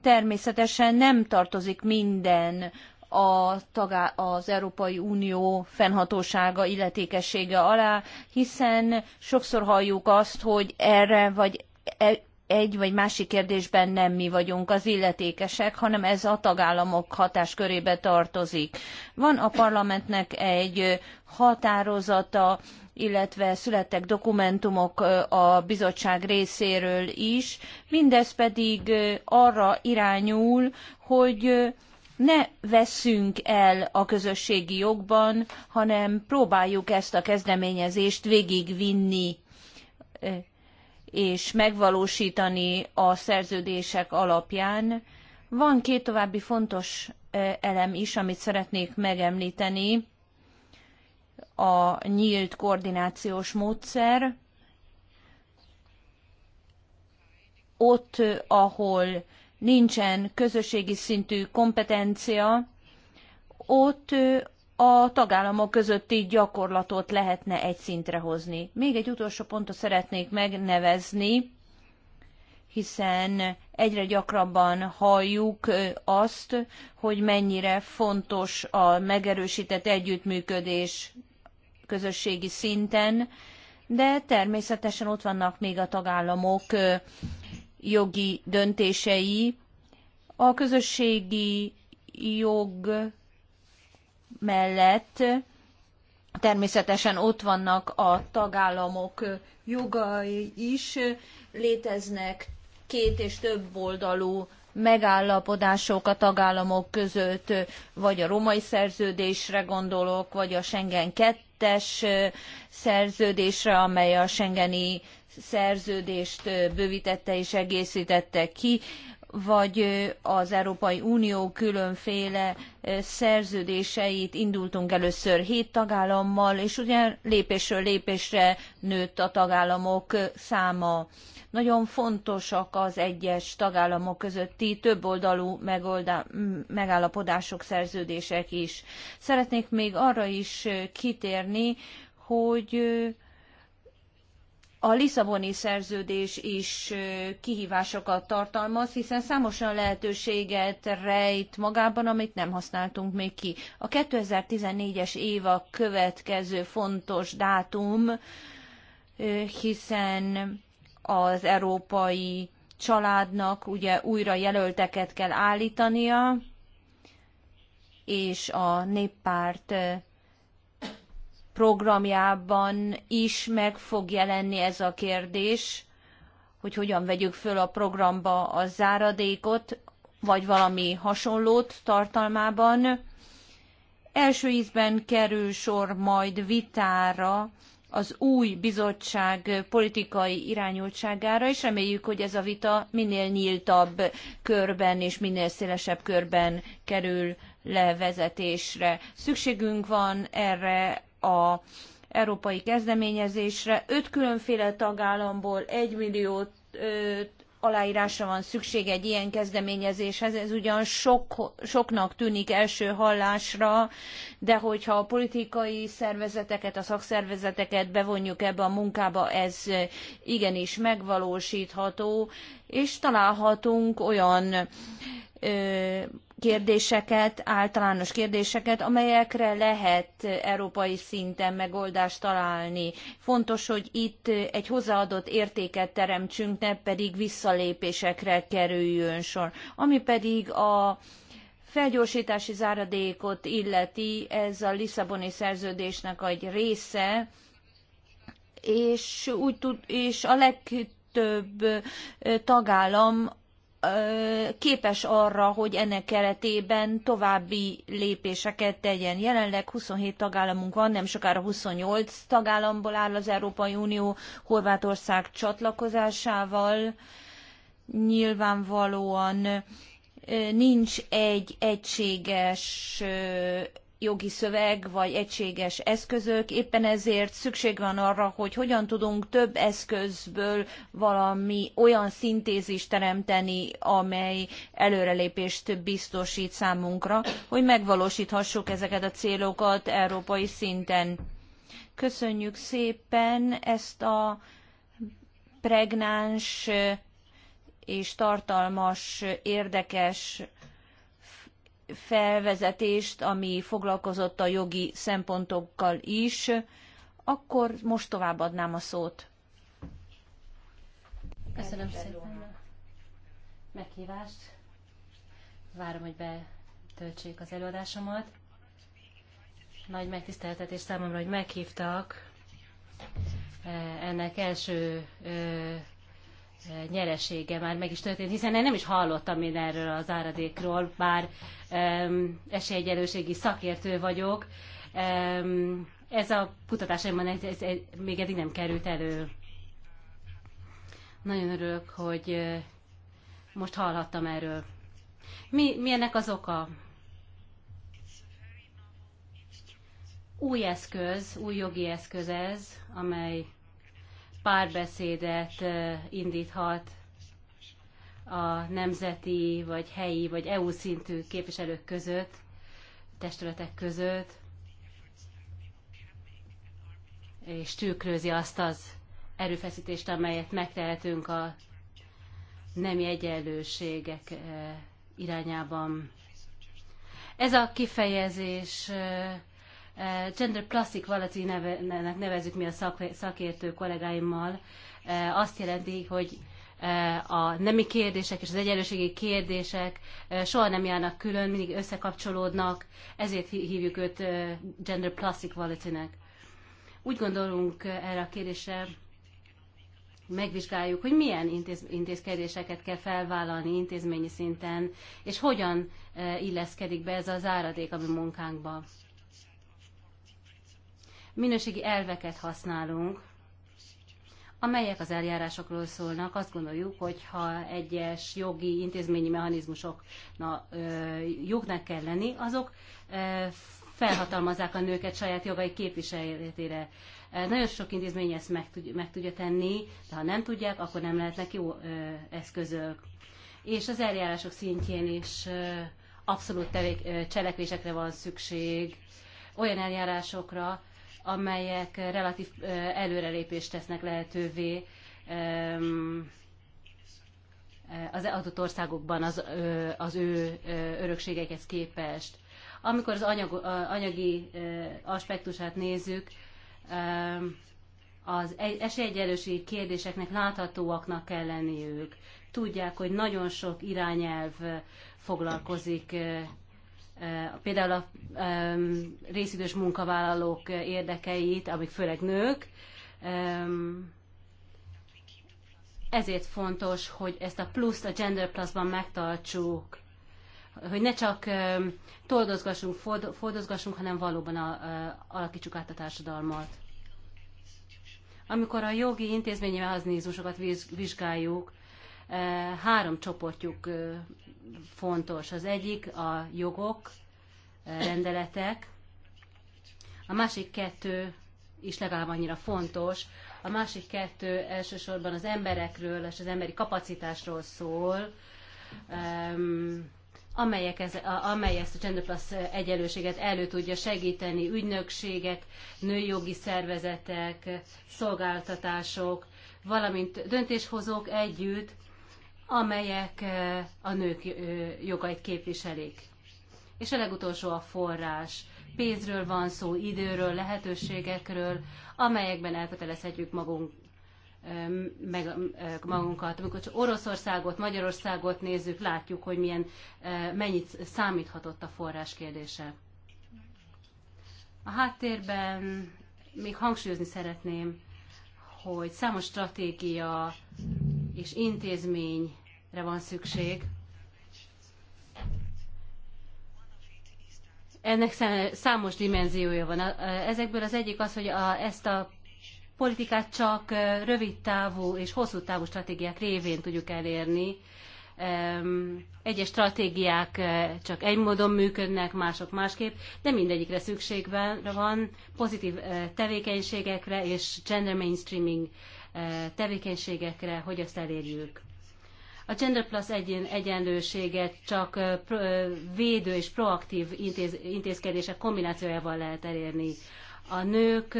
Természetesen nem tartozik minden a tagá- az Európai Unió fennhatósága, illetékessége alá, hiszen sokszor halljuk azt, hogy erre vagy e egy vagy másik kérdésben nem mi vagyunk az illetékesek, hanem ez a tagállamok hatáskörébe tartozik. Van a parlamentnek egy határozata, illetve születtek dokumentumok a bizottság részéről is, mindez pedig arra irányul, hogy ne vesszünk el a közösségi jogban, hanem próbáljuk ezt a kezdeményezést végigvinni és megvalósítani a szerződések alapján. Van két további fontos elem is, amit szeretnék megemlíteni. A nyílt koordinációs módszer, ott, ahol nincsen közösségi szintű kompetencia, ott a tagállamok közötti gyakorlatot lehetne egy szintre hozni. Még egy utolsó pontot szeretnék megnevezni, hiszen egyre gyakrabban halljuk azt, hogy mennyire fontos a megerősített együttműködés közösségi szinten, de természetesen ott vannak még a tagállamok jogi döntései. A közösségi jog mellett természetesen ott vannak a tagállamok jogai is, léteznek két és több oldalú megállapodások a tagállamok között, vagy a római szerződésre gondolok, vagy a Schengen 2-es szerződésre, amely a Schengeni szerződést bővítette és egészítette ki vagy az Európai Unió különféle szerződéseit indultunk először hét tagállammal, és ugye lépésről lépésre nőtt a tagállamok száma. Nagyon fontosak az egyes tagállamok közötti többoldalú megállapodások, szerződések is. Szeretnék még arra is kitérni, hogy a Lisszaboni szerződés is kihívásokat tartalmaz, hiszen számos olyan lehetőséget rejt magában, amit nem használtunk még ki. A 2014-es év a következő fontos dátum, hiszen az európai családnak ugye újra jelölteket kell állítania, és a néppárt programjában is meg fog jelenni ez a kérdés, hogy hogyan vegyük föl a programba a záradékot, vagy valami hasonlót tartalmában. Első ízben kerül sor majd vitára az új bizottság politikai irányultságára, és reméljük, hogy ez a vita minél nyíltabb körben és minél szélesebb körben kerül levezetésre. Szükségünk van erre a európai kezdeményezésre. Öt különféle tagállamból egy millió aláírásra van szükség egy ilyen kezdeményezéshez. Ez ugyan sok, soknak tűnik első hallásra, de hogyha a politikai szervezeteket, a szakszervezeteket bevonjuk ebbe a munkába, ez igenis megvalósítható, és találhatunk olyan kérdéseket, általános kérdéseket, amelyekre lehet európai szinten megoldást találni. Fontos, hogy itt egy hozzáadott értéket teremtsünk, ne pedig visszalépésekre kerüljön sor. Ami pedig a felgyorsítási záradékot illeti, ez a Lisszaboni szerződésnek egy része, és, úgy tud, és a legtöbb tagállam képes arra, hogy ennek keretében további lépéseket tegyen. Jelenleg 27 tagállamunk van, nem sokára 28 tagállamból áll az Európai Unió Horvátország csatlakozásával. Nyilvánvalóan nincs egy egységes jogi szöveg vagy egységes eszközök, éppen ezért szükség van arra, hogy hogyan tudunk több eszközből valami olyan szintézist teremteni, amely előrelépést biztosít számunkra, hogy megvalósíthassuk ezeket a célokat európai szinten. Köszönjük szépen ezt a pregnáns és tartalmas, érdekes felvezetést, ami foglalkozott a jogi szempontokkal is, akkor most továbbadnám a szót. Köszönöm szépen a meghívást. Várom, hogy betöltsék az előadásomat. Nagy megtiszteltetés számomra, hogy meghívtak eh, ennek első eh, nyeresége már meg is történt, hiszen én nem is hallottam én erről az áradékról, bár um, esélyegyelőségi szakértő vagyok. Um, ez a kutatásaimban ez, ez, ez, még eddig nem került elő. Nagyon örülök, hogy uh, most hallhattam erről. Mi, mi ennek az oka? Új eszköz, új jogi eszköz ez, amely párbeszédet indíthat a nemzeti, vagy helyi, vagy EU szintű képviselők között, testületek között, és tükrözi azt az erőfeszítést, amelyet megtehetünk a nemi egyenlőségek irányában. Ez a kifejezés Eh, Gender Plastic Quality nevenek nevezzük mi a szak, szakértő kollégáimmal. Eh, azt jelenti, hogy eh, a nemi kérdések és az egyenlőségi kérdések soha nem járnak külön, mindig összekapcsolódnak, ezért hívjuk őt Gender Plastic Quality-nek. Úgy gondolunk erre a kérdésre, megvizsgáljuk, hogy milyen intéz, intézkedéseket kell felvállalni intézményi szinten, és hogyan illeszkedik be ez az áradék a mi munkánkba minőségi elveket használunk, amelyek az eljárásokról szólnak. Azt gondoljuk, hogy ha egyes jogi intézményi mechanizmusoknak jognak kell lenni, azok felhatalmazzák a nőket saját jogai képviseletére. Nagyon sok intézmény ezt meg tudja, meg tudja tenni, de ha nem tudják, akkor nem lehetnek jó eszközök. És az eljárások szintjén is abszolút tevék, cselekvésekre van szükség, olyan eljárásokra, amelyek relatív előrelépést tesznek lehetővé az adott országokban az, az ő örökségeikhez képest. Amikor az anyag, anyagi aspektusát nézzük, az esélyegyelőségi kérdéseknek láthatóaknak kell lenniük. Tudják, hogy nagyon sok irányelv foglalkozik például a részidős munkavállalók érdekeit, amik főleg nők. Ezért fontos, hogy ezt a pluszt a Gender pluszban megtartsuk, hogy ne csak toldozgassunk, fordozgassunk, hanem valóban a, alakítsuk át a társadalmat. Amikor a jogi intézményi mechanizmusokat vizsgáljuk, eh, három csoportjuk fontos. Az egyik a jogok, rendeletek. A másik kettő is legalább annyira fontos. A másik kettő elsősorban az emberekről és az emberi kapacitásról szól, amelyek ez, amely ezt a Gender Plus egyenlőséget elő tudja segíteni, ügynökségek, nőjogi szervezetek, szolgáltatások, valamint döntéshozók együtt, amelyek eh, a nők eh, jogait képviselik és a legutolsó a forrás. Pénzről van szó, időről, lehetőségekről, amelyekben elkötelezhetjük magunk, meg, magunkat. Amikor csak Oroszországot, Magyarországot nézzük, látjuk, hogy milyen, mennyit számíthatott a forrás kérdése. A háttérben még hangsúlyozni szeretném, hogy számos stratégia és intézményre van szükség, Ennek számos dimenziója van. Ezekből az egyik az, hogy a, ezt a politikát csak rövid távú és hosszú távú stratégiák révén tudjuk elérni. Egyes stratégiák csak egy módon működnek, mások másképp, de mindegyikre szükség van, pozitív tevékenységekre és gender mainstreaming tevékenységekre, hogy azt elérjük. A Gender Plus egyen, egyenlőséget csak védő és proaktív intéz, intézkedések kombinációjával lehet elérni. A nők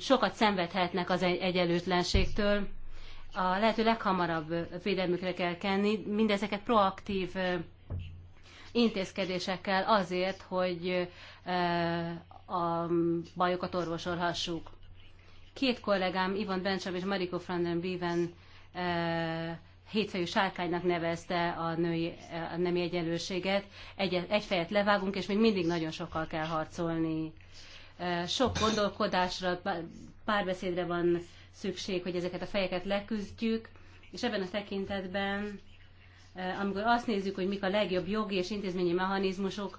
sokat szenvedhetnek az egyenlőtlenségtől, a lehető leghamarabb védelmükre kell kenni, mindezeket proaktív intézkedésekkel azért, hogy a bajokat orvosolhassuk. Két kollégám, Ivan Bencsam és Mariko Franden bíven hétfejű sárkánynak nevezte a, női, a nemi egyenlőséget. Egy, egy fejet levágunk, és még mindig nagyon sokkal kell harcolni. Sok gondolkodásra, párbeszédre van szükség, hogy ezeket a fejeket leküzdjük, és ebben a tekintetben, amikor azt nézzük, hogy mik a legjobb jogi és intézményi mechanizmusok,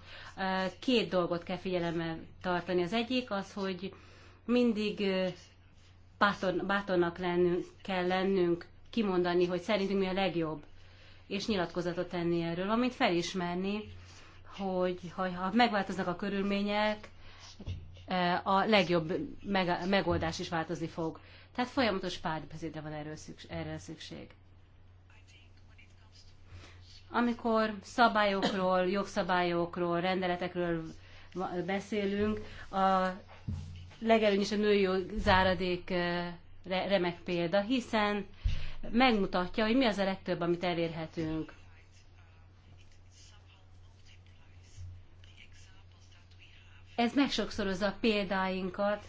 két dolgot kell figyelembe tartani. Az egyik az, hogy mindig bátornak lennünk, kell lennünk kimondani, hogy szerintünk mi a legjobb, és nyilatkozatot tenni erről, amint felismerni, hogy ha megváltoznak a körülmények, e, a legjobb megoldás is változni fog. Tehát folyamatos párbeszédre van erről szükség, erre szükség. Amikor szabályokról, jogszabályokról, rendeletekről beszélünk, a legelőnyösebb női záradék e, remek példa, hiszen megmutatja, hogy mi az a legtöbb, amit elérhetünk. Ez megsokszorozza a példáinkat,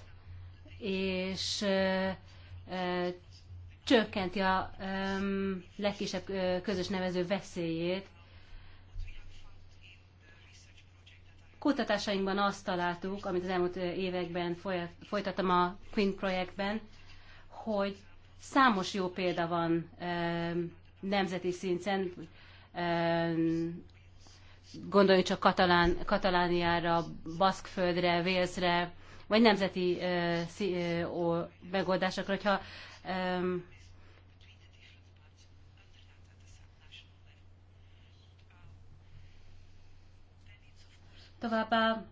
és csökkenti a um, legkisebb közös nevező veszélyét. Kutatásainkban azt találtuk, amit az elmúlt években folytattam a Queen projektben, hogy Számos jó példa van nemzeti szinten, gondoljunk csak Katalán, Katalániára, Baszkföldre, Vélszre, vagy nemzeti megoldásokra, hogyha továbbá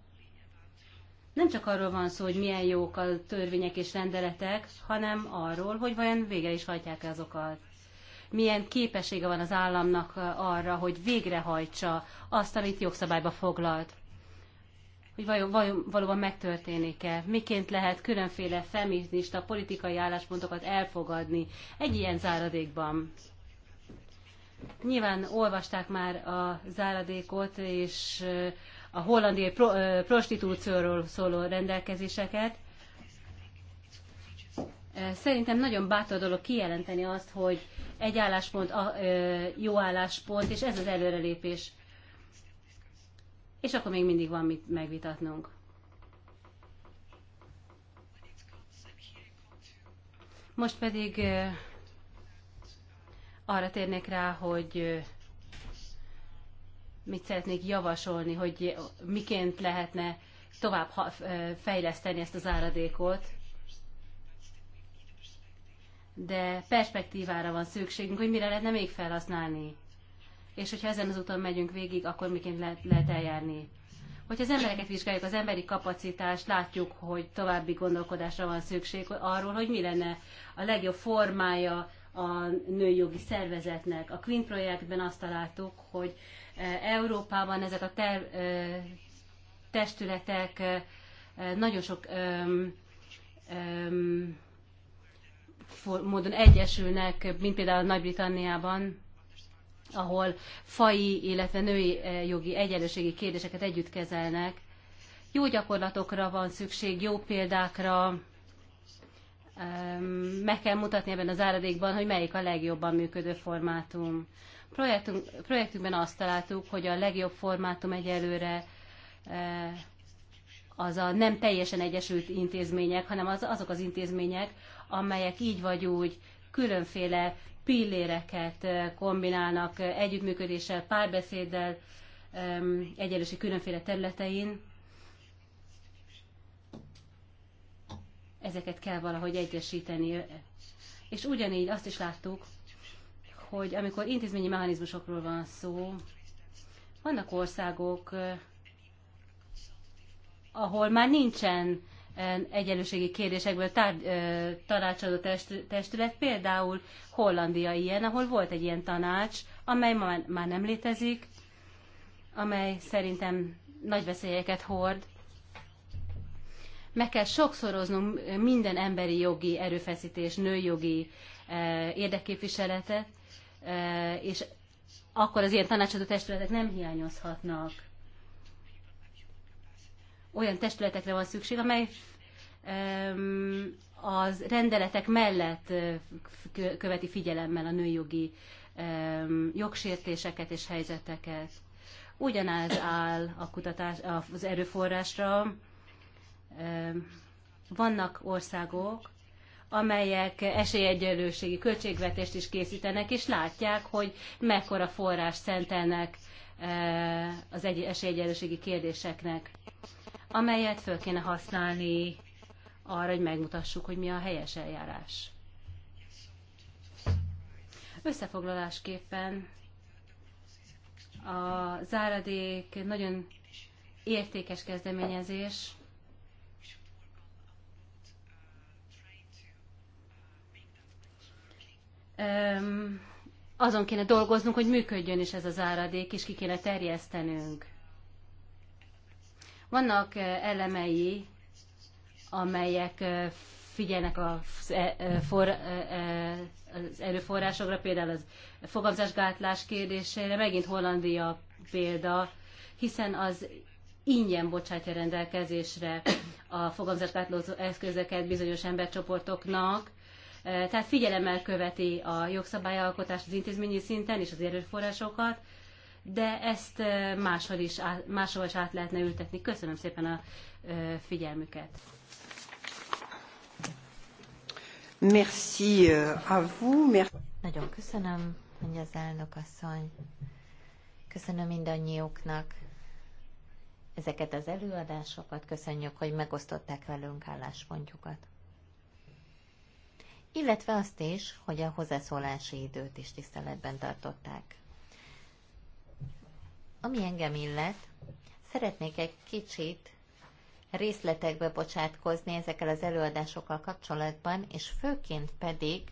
nem csak arról van szó, hogy milyen jók a törvények és rendeletek, hanem arról, hogy vajon végre is hajtják -e azokat. Milyen képessége van az államnak arra, hogy végrehajtsa azt, amit jogszabályba foglalt. Hogy vajon, vajon valóban megtörténik-e. Miként lehet különféle feminista politikai álláspontokat elfogadni egy ilyen záradékban. Nyilván olvasták már a záradékot, és a hollandiai pro, prostitúcióról szóló rendelkezéseket. Szerintem nagyon bátor dolog kijelenteni azt, hogy egy álláspont a, jó álláspont, és ez az előrelépés. És akkor még mindig van mit megvitatnunk. Most pedig arra térnék rá, hogy mit szeretnék javasolni, hogy miként lehetne tovább fejleszteni ezt az áradékot. De perspektívára van szükségünk, hogy mire lehetne még felhasználni. És hogyha ezen az úton megyünk végig, akkor miként lehet, lehet eljárni. Hogyha az embereket vizsgáljuk, az emberi kapacitást, látjuk, hogy további gondolkodásra van szükség arról, hogy mi lenne a legjobb formája a nőjogi szervezetnek. A Queen projektben azt találtuk, hogy Európában ezek a ter, testületek nagyon sok for, módon egyesülnek, mint például Nagy-Britanniában, ahol fai, illetve női jogi egyenlőségi kérdéseket együtt kezelnek. Jó gyakorlatokra van szükség, jó példákra, meg kell mutatni ebben az áradékban, hogy melyik a legjobban működő formátum projektünk, projektünkben azt találtuk, hogy a legjobb formátum egyelőre e, az a nem teljesen egyesült intézmények, hanem az, azok az intézmények, amelyek így vagy úgy különféle pilléreket e, kombinálnak e, együttműködéssel, párbeszéddel, egyenlősi különféle területein. Ezeket kell valahogy egyesíteni. És ugyanígy azt is láttuk, hogy amikor intézményi mechanizmusokról van szó, vannak országok, eh, ahol már nincsen eh, egyenlőségi kérdésekből tár, eh, tanácsadó testület, például Hollandia ilyen, ahol volt egy ilyen tanács, amely már, már nem létezik, amely szerintem nagy veszélyeket hord. Meg kell sokszoroznunk minden emberi jogi erőfeszítés, nőjogi érdekképviseletet, és akkor az ilyen tanácsadó testületek nem hiányozhatnak. Olyan testületekre van szükség, amely az rendeletek mellett követi figyelemmel a nőjogi jogsértéseket és helyzeteket. Ugyanaz áll a kutatás, az erőforrásra. Vannak országok, amelyek esélyegyenlőségi költségvetést is készítenek, és látják, hogy mekkora forrás szentelnek e, az esélyegyenlőségi kérdéseknek, amelyet föl kéne használni arra, hogy megmutassuk, hogy mi a helyes eljárás. Összefoglalásképpen a záradék nagyon értékes kezdeményezés, azon kéne dolgoznunk, hogy működjön is ez az áradék, és ki kéne terjesztenünk. Vannak elemei, amelyek figyelnek e, e, e, az, erőforrásokra, például az fogamzásgátlás kérdésére, megint Hollandia példa, hiszen az ingyen bocsátja rendelkezésre a fogamzásgátló eszközeket bizonyos embercsoportoknak, tehát figyelemmel követi a jogszabályalkotást az intézményi szinten és az erőforrásokat, de ezt máshol is, máshol is át lehetne ültetni. Köszönöm szépen a figyelmüket. Merci à vous. Merci. Nagyon köszönöm, hogy az elnök asszony. Köszönöm mindannyiuknak ezeket az előadásokat, köszönjük, hogy megosztották velünk álláspontjukat illetve azt is, hogy a hozzászólási időt is tiszteletben tartották. Ami engem illet, szeretnék egy kicsit részletekbe bocsátkozni ezekkel az előadásokkal kapcsolatban, és főként pedig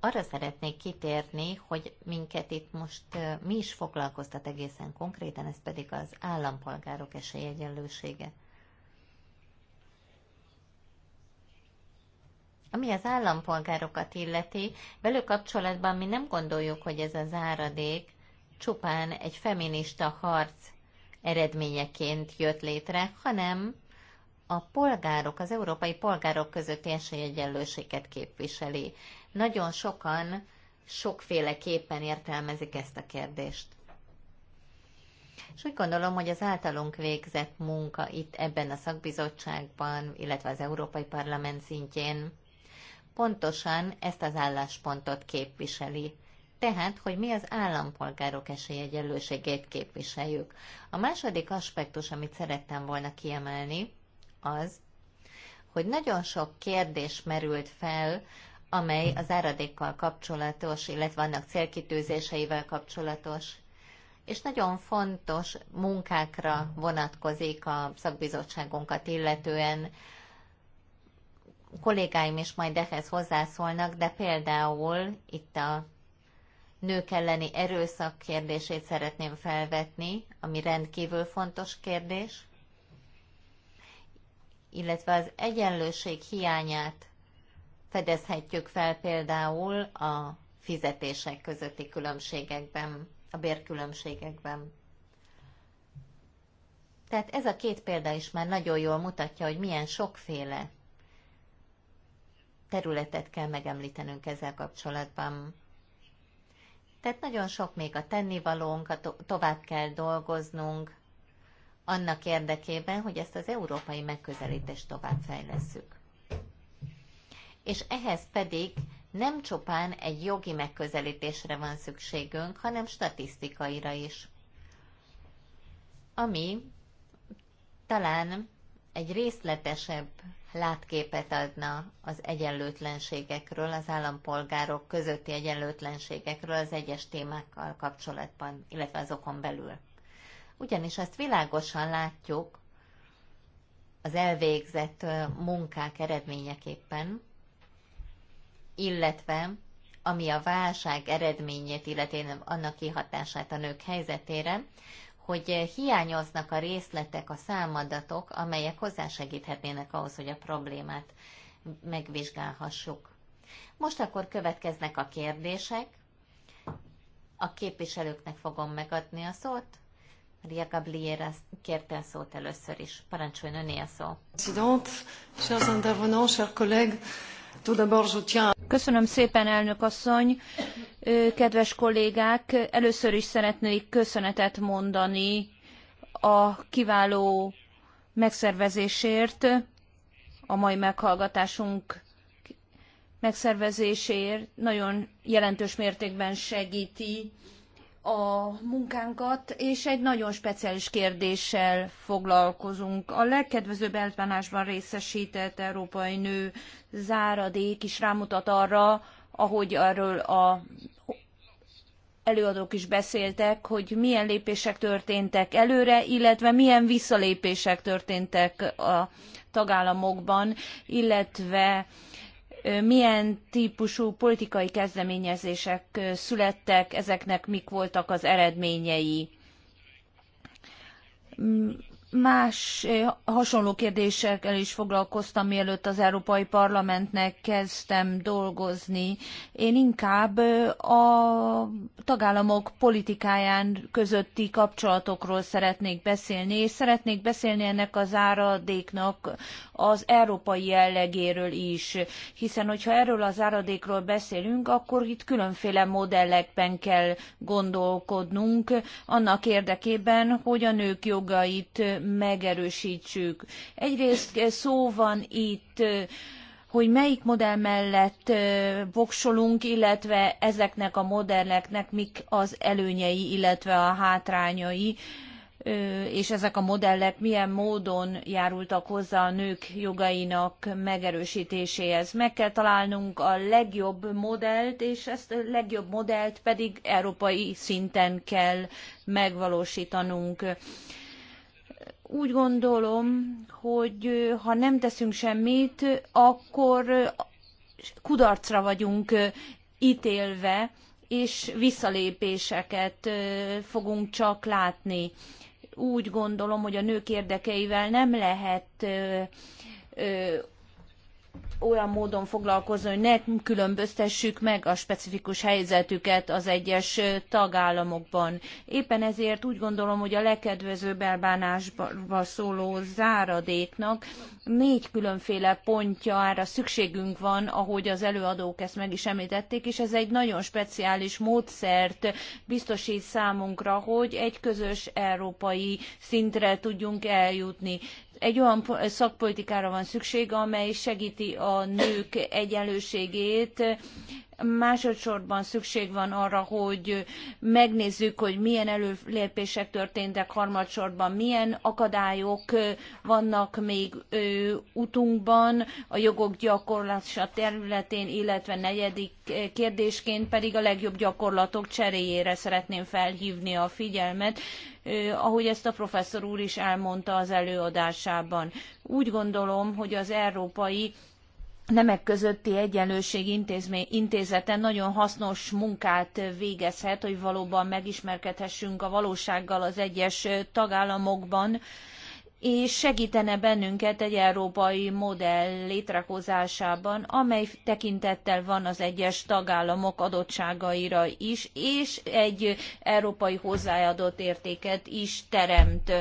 arra szeretnék kitérni, hogy minket itt most mi is foglalkoztat egészen konkrétan, ez pedig az állampolgárok esélyegyenlősége. Ami az állampolgárokat illeti, velük kapcsolatban mi nem gondoljuk, hogy ez az áradék csupán egy feminista harc eredményeként jött létre, hanem a polgárok, az európai polgárok közötti esélyegyenlőséget képviseli. Nagyon sokan sokféleképpen értelmezik ezt a kérdést. És úgy gondolom, hogy az általunk végzett munka itt ebben a szakbizottságban, illetve az Európai Parlament szintjén pontosan ezt az álláspontot képviseli. Tehát, hogy mi az állampolgárok esélyegyenlőségét képviseljük. A második aspektus, amit szerettem volna kiemelni, az, hogy nagyon sok kérdés merült fel, amely az áradékkal kapcsolatos, illetve annak célkitűzéseivel kapcsolatos, és nagyon fontos munkákra vonatkozik a szakbizottságunkat illetően, kollégáim is majd ehhez hozzászólnak, de például itt a nők elleni erőszak kérdését szeretném felvetni, ami rendkívül fontos kérdés, illetve az egyenlőség hiányát fedezhetjük fel például a fizetések közötti különbségekben, a bérkülönbségekben. Tehát ez a két példa is már nagyon jól mutatja, hogy milyen sokféle területet kell megemlítenünk ezzel kapcsolatban. Tehát nagyon sok még a tennivalónk, a to- tovább kell dolgoznunk annak érdekében, hogy ezt az európai megközelítést továbbfejlesszük. És ehhez pedig nem csupán egy jogi megközelítésre van szükségünk, hanem statisztikaira is. Ami talán egy részletesebb látképet adna az egyenlőtlenségekről, az állampolgárok közötti egyenlőtlenségekről az egyes témákkal kapcsolatban, illetve azokon belül. Ugyanis azt világosan látjuk az elvégzett munkák eredményeképpen, illetve ami a válság eredményét, illetve annak kihatását a nők helyzetére, hogy eh, hiányoznak a részletek, a számadatok, amelyek hozzásegíthetnének ahhoz, hogy a problémát megvizsgálhassuk. Most akkor következnek a kérdések. A képviselőknek fogom megadni a szót. Maria Gabliera kérte a szót először is. Parancsoljon öné a szó. Présidente, chers intervenants, chers collègues, tout d'abord je tiens Köszönöm szépen, elnök asszony, kedves kollégák! Először is szeretnék köszönetet mondani a kiváló megszervezésért, a mai meghallgatásunk megszervezéséért. Nagyon jelentős mértékben segíti a munkánkat, és egy nagyon speciális kérdéssel foglalkozunk. A legkedvezőbb eltvánásban részesített európai nő záradék is rámutat arra, ahogy arról a előadók is beszéltek, hogy milyen lépések történtek előre, illetve milyen visszalépések történtek a tagállamokban, illetve milyen típusú politikai kezdeményezések születtek, ezeknek mik voltak az eredményei mm, Más eh, hasonló kérdésekkel is foglalkoztam, mielőtt az Európai Parlamentnek kezdtem dolgozni. Én inkább eh, a tagállamok politikáján közötti kapcsolatokról szeretnék beszélni, és szeretnék beszélni ennek az áradéknak az európai jellegéről is. Hiszen, hogyha erről az áradékról beszélünk, akkor itt különféle modellekben kell gondolkodnunk annak érdekében, hogy a nők jogait megerősítsük. Egyrészt szó van itt hogy melyik modell mellett voksolunk, illetve ezeknek a modelleknek mik az előnyei, illetve a hátrányai, és ezek a modellek milyen módon járultak hozzá a nők jogainak megerősítéséhez. Meg kell találnunk a legjobb modellt, és ezt a legjobb modellt pedig európai szinten kell megvalósítanunk úgy gondolom, hogy ha nem teszünk semmit, akkor kudarcra vagyunk ítélve, és visszalépéseket fogunk csak látni. Úgy gondolom, hogy a nők érdekeivel nem lehet olyan módon foglalkozni, hogy ne különböztessük meg a specifikus helyzetüket az egyes tagállamokban. Éppen ezért úgy gondolom, hogy a lekedvező elbánásba szóló záradéknak négy különféle pontjára szükségünk van, ahogy az előadók ezt meg is említették, és ez egy nagyon speciális módszert biztosít számunkra, hogy egy közös európai szintre tudjunk eljutni egy olyan szakpolitikára van szükség, amely segíti a nők egyenlőségét, másodszorban szükség van arra, hogy megnézzük, hogy milyen előlépések történtek, harmadsorban milyen akadályok vannak még utunkban a jogok gyakorlása területén, illetve negyedik kérdésként pedig a legjobb gyakorlatok cseréjére szeretném felhívni a figyelmet, ahogy ezt a professzor úr is elmondta az előadásában. Úgy gondolom, hogy az európai nemek közötti egyenlőség intézmény, intézete nagyon hasznos munkát végezhet, hogy valóban megismerkedhessünk a valósággal az egyes tagállamokban, és segítene bennünket egy európai modell létrehozásában, amely tekintettel van az egyes tagállamok adottságaira is, és egy európai hozzáadott értéket is teremt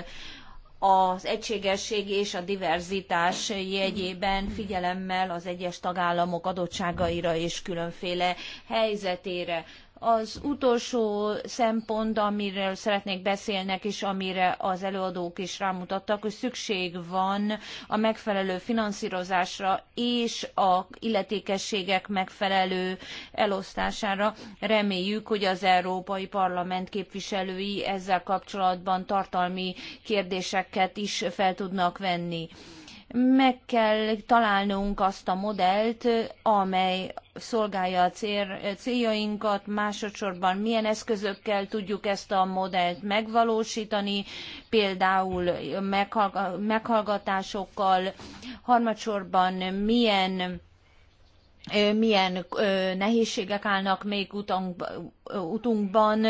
az egységesség és a diverzitás jegyében figyelemmel az egyes tagállamok adottságaira és különféle helyzetére. Az utolsó szempont, amiről szeretnék beszélnek, és amire az előadók is rámutattak, hogy szükség van a megfelelő finanszírozásra és a illetékességek megfelelő elosztására. Reméljük, hogy az Európai Parlament képviselői ezzel kapcsolatban tartalmi kérdéseket is fel tudnak venni meg kell találnunk azt a modellt, amely szolgálja a cél, céljainkat, másodszorban milyen eszközökkel tudjuk ezt a modellt megvalósítani, például meghallgatásokkal, harmadsorban milyen milyen nehézségek állnak még utunkban,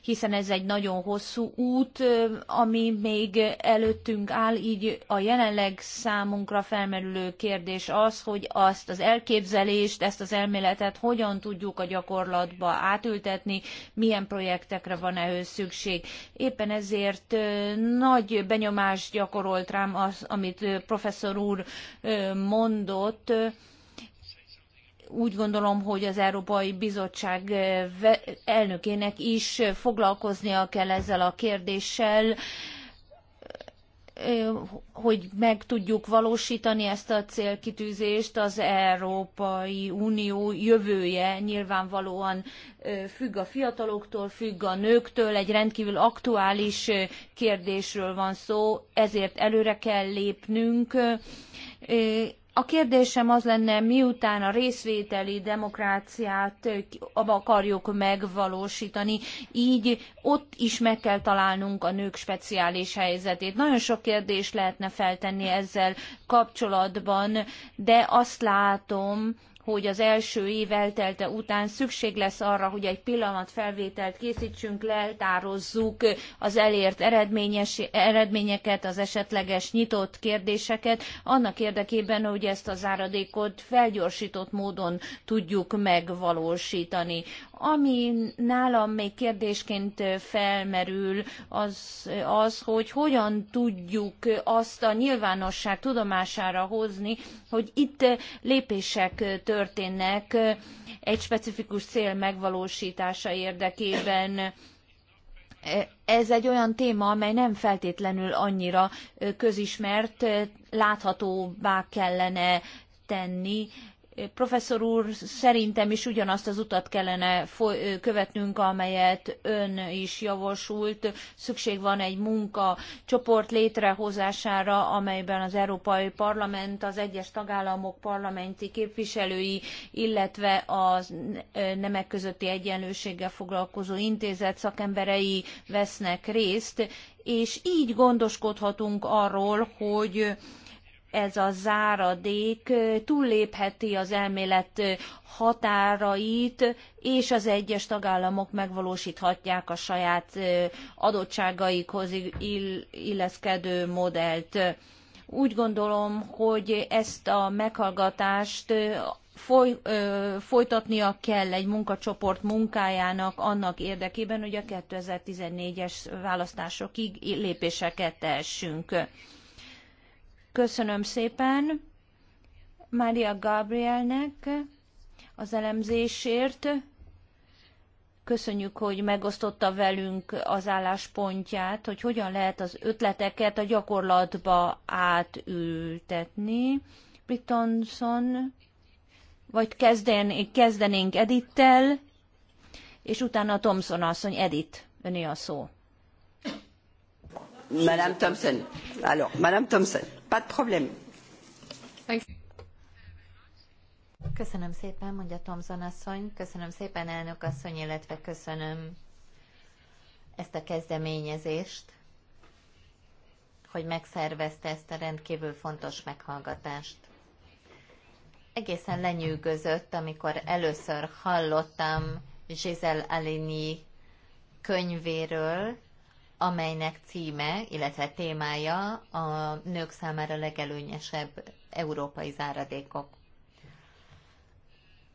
hiszen ez egy nagyon hosszú út, ami még előttünk áll, így a jelenleg számunkra felmerülő kérdés az, hogy azt az elképzelést, ezt az elméletet hogyan tudjuk a gyakorlatba átültetni, milyen projektekre van ehhez szükség. Éppen ezért nagy benyomást gyakorolt rám az, amit professzor úr mondott, úgy gondolom, hogy az Európai Bizottság eh, elnökének is foglalkoznia kell ezzel a kérdéssel, eh, hogy meg tudjuk valósítani ezt a célkitűzést, az Európai Unió jövője nyilvánvalóan eh, függ a fiataloktól, függ a nőktől, egy rendkívül aktuális kérdésről van szó, ezért előre kell lépnünk a kérdésem az lenne, miután a részvételi demokráciát abba akarjuk megvalósítani, így ott is meg kell találnunk a nők speciális helyzetét. Nagyon sok kérdést lehetne feltenni ezzel kapcsolatban, de azt látom, hogy az első év eltelte után szükség lesz arra, hogy egy pillanat felvételt készítsünk, leltározzuk az elért eredményes, eredményeket, az esetleges nyitott kérdéseket, annak érdekében, hogy ezt az záradékot felgyorsított módon tudjuk megvalósítani. Ami nálam még kérdésként felmerül, az, az, hogy hogyan tudjuk azt a nyilvánosság tudomására hozni, hogy itt lépések történnek történnek egy specifikus cél megvalósítása érdekében. Ez egy olyan téma, amely nem feltétlenül annyira közismert, láthatóvá kellene tenni, professzor úr, szerintem is ugyanazt az utat kellene követnünk, amelyet ön is javasolt. Szükség van egy munkacsoport létrehozására, amelyben az Európai Parlament, az egyes tagállamok parlamenti képviselői, illetve a nemek közötti egyenlőséggel foglalkozó intézet szakemberei vesznek részt, és így gondoskodhatunk arról, hogy ez a záradék túllépheti az elmélet határait, és az egyes tagállamok megvalósíthatják a saját adottságaikhoz illeszkedő modellt. Úgy gondolom, hogy ezt a meghallgatást foly, ö, folytatnia kell egy munkacsoport munkájának annak érdekében, hogy a 2014-es választásokig lépéseket tessünk. Köszönöm szépen Mária Gabrielnek az elemzésért. Köszönjük, hogy megosztotta velünk az álláspontját, hogy hogyan lehet az ötleteket a gyakorlatba átültetni. Brittonson, vagy kezden, kezdenénk Edittel, és utána Thomson asszony, Edit, öné a szó. Madame Thompson. Alors, Madame Thompson, pas de problème. Köszönöm szépen, mondja Thomson asszony. Köszönöm szépen, elnök asszony, illetve köszönöm ezt a kezdeményezést, hogy megszervezte ezt a rendkívül fontos meghallgatást. Egészen lenyűgözött, amikor először hallottam Giselle Alini könyvéről, amelynek címe, illetve témája a nők számára legelőnyesebb európai záradékok.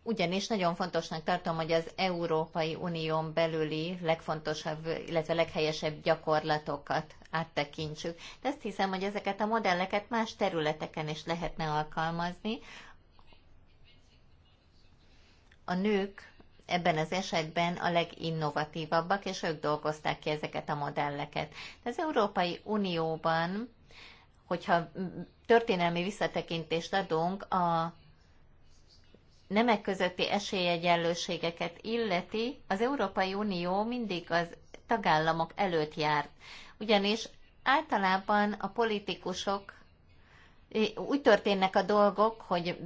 Ugyanis nagyon fontosnak tartom, hogy az Európai Unión belüli legfontosabb, illetve leghelyesebb gyakorlatokat áttekintsük. De azt hiszem, hogy ezeket a modelleket más területeken is lehetne alkalmazni. A nők ebben az esetben a leginnovatívabbak, és ők dolgozták ki ezeket a modelleket. az Európai Unióban, hogyha történelmi visszatekintést adunk, a nemek közötti esélyegyenlőségeket illeti, az Európai Unió mindig az tagállamok előtt járt. Ugyanis általában a politikusok úgy történnek a dolgok, hogy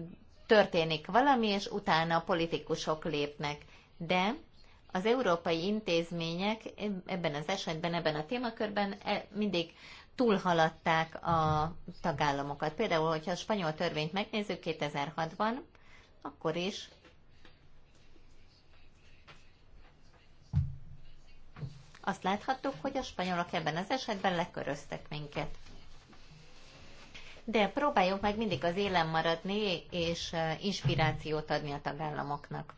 történik valami, és utána a politikusok lépnek de az európai intézmények ebben az esetben, ebben a témakörben e, mindig túlhaladták a tagállamokat. Például, hogyha a spanyol törvényt megnézzük 2006-ban, akkor is azt láthattuk, hogy a spanyolok ebben az esetben leköröztek minket. De próbáljuk meg mindig az élen maradni, és e, inspirációt adni a tagállamoknak.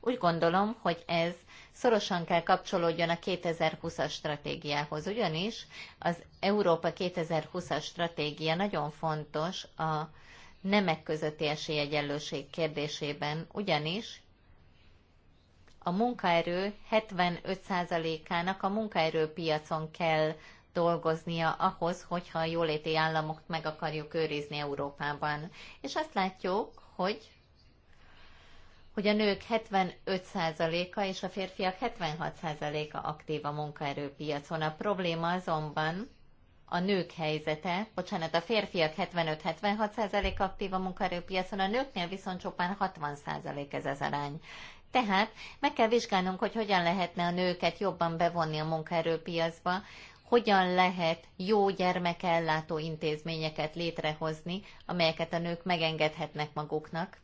Úgy gondolom, hogy ez szorosan kell kapcsolódjon a 2020-as stratégiához, ugyanis az Európa 2020-as stratégia nagyon fontos a nemek közötti esélyegyenlőség kérdésében, ugyanis a munkaerő 75%-ának a munkaerőpiacon kell dolgoznia ahhoz, hogyha a jóléti államot meg akarjuk őrizni Európában. És azt látjuk, hogy hogy a nők 75%-a és a férfiak 76%-a aktív a munkaerőpiacon. A probléma azonban a nők helyzete, bocsánat, a férfiak 75-76% aktív a munkaerőpiacon, a nőknél viszont csupán 60% ez az arány. Tehát meg kell vizsgálnunk, hogy hogyan lehetne a nőket jobban bevonni a munkaerőpiacba, hogyan lehet jó gyermekellátó intézményeket létrehozni, amelyeket a nők megengedhetnek maguknak,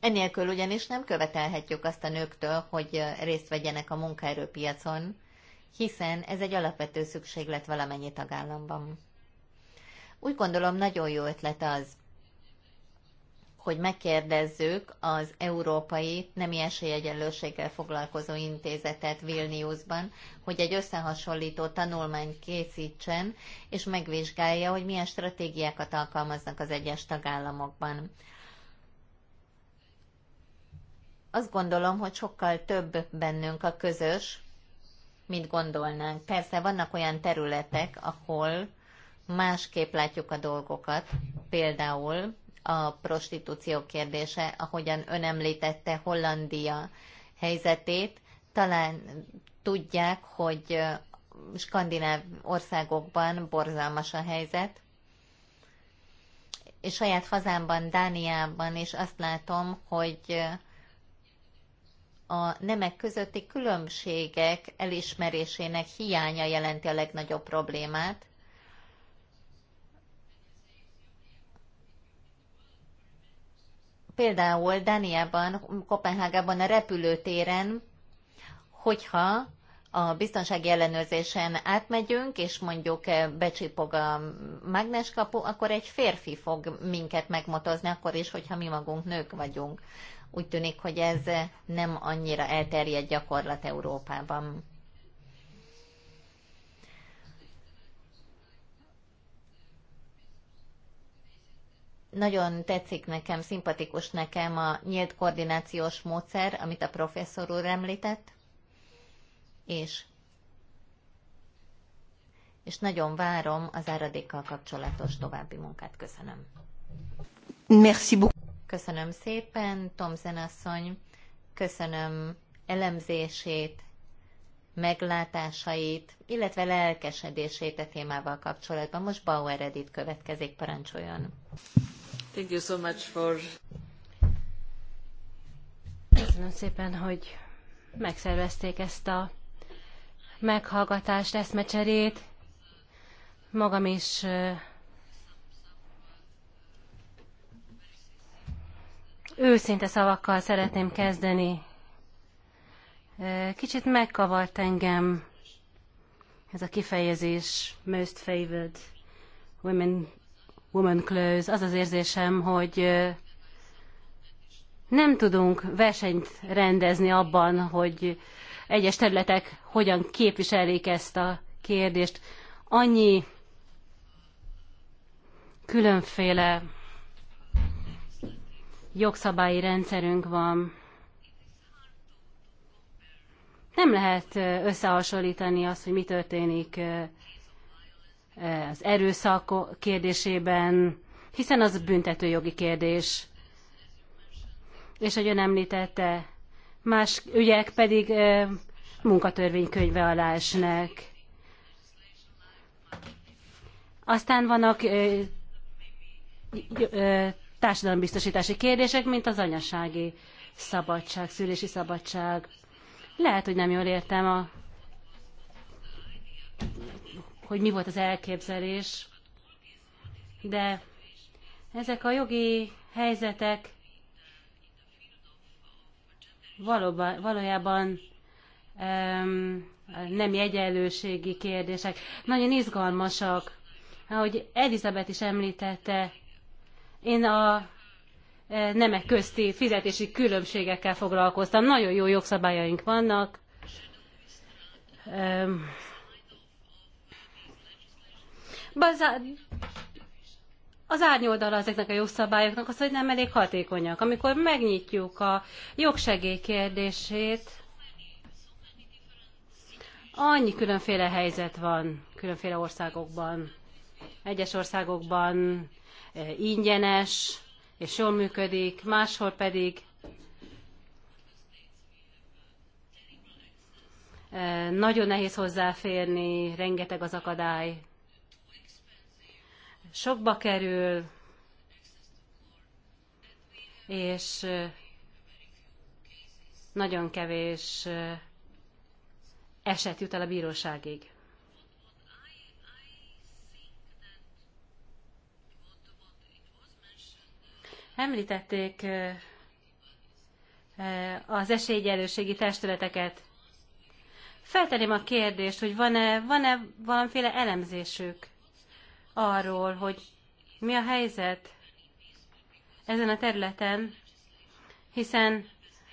Enélkül ugyanis nem követelhetjük azt a nőktől, hogy részt vegyenek a munkaerőpiacon, hiszen ez egy alapvető szükséglet valamennyi tagállamban. Úgy gondolom, nagyon jó ötlet az, hogy megkérdezzük az Európai Nemi Esélyegyenlőséggel foglalkozó intézetet Vilniusban, hogy egy összehasonlító tanulmányt készítsen, és megvizsgálja, hogy milyen stratégiákat alkalmaznak az egyes tagállamokban azt gondolom, hogy sokkal több bennünk a közös, mint gondolnánk. Persze vannak olyan területek, ahol másképp látjuk a dolgokat, például a prostitúció kérdése, ahogyan ön említette Hollandia helyzetét, talán tudják, hogy skandináv országokban borzalmas a helyzet, és saját hazámban, Dániában is azt látom, hogy a nemek közötti különbségek elismerésének hiánya jelenti a legnagyobb problémát. Például Dániában, Kopenhágában a repülőtéren, hogyha a biztonsági ellenőrzésen átmegyünk, és mondjuk eh, becsipog a mágneskapu, akkor egy férfi fog minket megmotozni, akkor is, hogyha mi magunk nők vagyunk. Úgy tűnik, hogy ez nem annyira elterjedt gyakorlat Európában. nagyon tetszik nekem, szimpatikus nekem a nyílt koordinációs módszer, amit a professzor úr említett, és, és nagyon várom az áradékkal kapcsolatos további munkát. Köszönöm. Merci beaucoup. Köszönöm szépen, Tomzen asszony, köszönöm elemzését, meglátásait, illetve lelkesedését a témával kapcsolatban. Most Bauer Edith következik, parancsoljon. Thank you so much for... Köszönöm szépen, hogy megszervezték ezt a meghallgatást, eszmecserét. Magam is Őszinte szavakkal szeretném kezdeni. Kicsit megkavart engem ez a kifejezés, most favored women, woman clothes. Az az érzésem, hogy nem tudunk versenyt rendezni abban, hogy egyes területek hogyan képviselik ezt a kérdést. Annyi különféle jogszabályi rendszerünk van. Nem lehet összehasonlítani azt, hogy mi történik az erőszak kérdésében, hiszen az büntetőjogi kérdés. És hogy ön említette, más ügyek pedig munkatörvénykönyve alá esnek. Aztán vannak társadalombiztosítási kérdések, mint az anyasági szabadság, szülési szabadság. Lehet, hogy nem jól értem, a, hogy mi volt az elképzelés, de ezek a jogi helyzetek valóban, valójában um, nem egyenlőségi kérdések. Nagyon izgalmasak. Ahogy Elizabeth is említette, én a e, nemek közti fizetési különbségekkel foglalkoztam. Nagyon jó jogszabályaink vannak. az árnyoldala ezeknek a jogszabályoknak az, hogy nem elég hatékonyak. Amikor megnyitjuk a jogsegély kérdését, annyi különféle helyzet van különféle országokban. Egyes országokban Eh, ingyenes és jól működik, máshol pedig eh, nagyon nehéz hozzáférni, rengeteg az akadály. Sokba kerül, és eh, nagyon kevés eset jut el a bíróságig. Említették az esélyegyelőségi testületeket. Felteném a kérdést, hogy van-e, van-e valamiféle elemzésük arról, hogy mi a helyzet ezen a területen, hiszen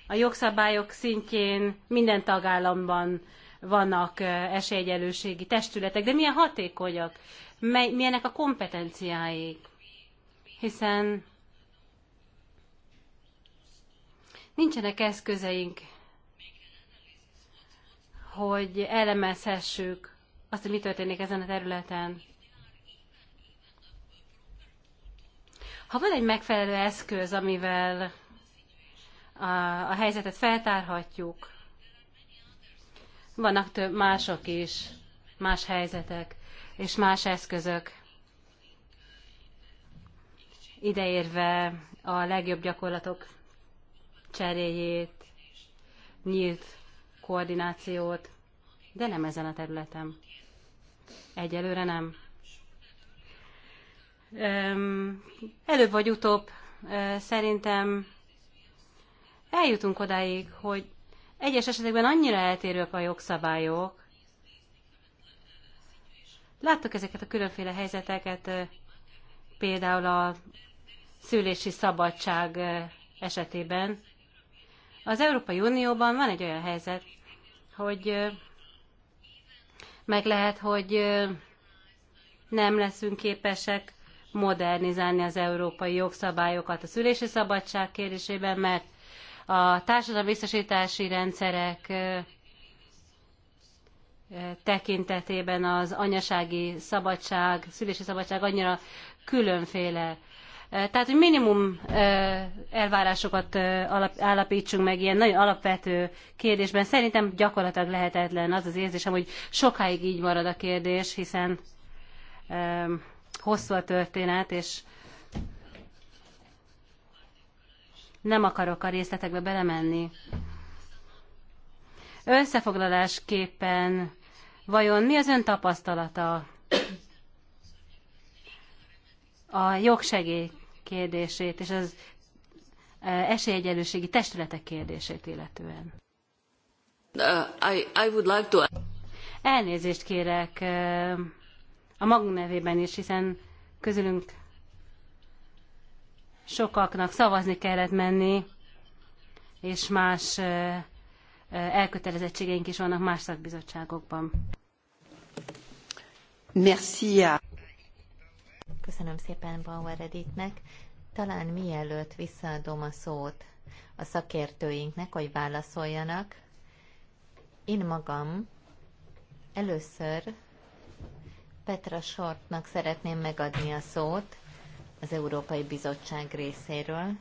a jogszabályok szintjén minden tagállamban vannak esélyegyelőségi testületek, de milyen hatékonyak, milyenek a kompetenciáik, hiszen Nincsenek eszközeink, hogy elemezhessük azt, hogy mi történik ezen a területen. Ha van egy megfelelő eszköz, amivel a, a helyzetet feltárhatjuk, vannak több mások is, más helyzetek és más eszközök. Ideérve a legjobb gyakorlatok cseréjét, nyílt koordinációt, de nem ezen a területen. Egyelőre nem. Előbb vagy utóbb szerintem eljutunk odáig, hogy egyes esetekben annyira eltérők a jogszabályok, láttuk ezeket a különféle helyzeteket, például a szülési szabadság esetében, az Európai Unióban van egy olyan helyzet, hogy meg lehet, hogy nem leszünk képesek modernizálni az európai jogszabályokat a szülési szabadság kérdésében, mert a társadalmi biztosítási rendszerek tekintetében az anyasági szabadság, szülési szabadság annyira különféle. Tehát, hogy minimum elvárásokat állapítsunk meg ilyen nagyon alapvető kérdésben, szerintem gyakorlatilag lehetetlen az az érzésem, hogy sokáig így marad a kérdés, hiszen hosszú a történet, és nem akarok a részletekbe belemenni. Összefoglalásképpen vajon mi az ön tapasztalata a jogsegély kérdését és az e, esélyegyenlőségi testületek kérdését illetően. Uh, I, I would like to... Elnézést kérek e, a magunk nevében is, hiszen közülünk sokaknak szavazni kellett menni, és más e, elkötelezettségeink is vannak más szakbizottságokban. Merci. Köszönöm szépen Bauer Editnek. Talán mielőtt visszaadom a szót a szakértőinknek, hogy válaszoljanak, én magam először Petra Sortnak szeretném megadni a szót az Európai Bizottság részéről,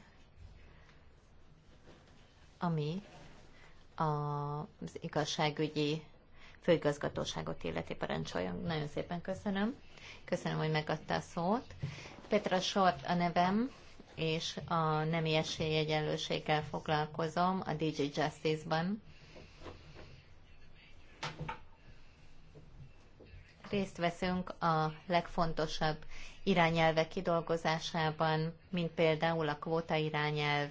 ami az igazságügyi főigazgatóságot illeti parancsoljon. Nagyon szépen köszönöm. Köszönöm, hogy megadta a szót. Petra Sort a nevem, és a nemi esélyegyenlőséggel foglalkozom a DJ Justice-ban. Részt veszünk a legfontosabb irányelvek kidolgozásában, mint például a kvóta irányelv,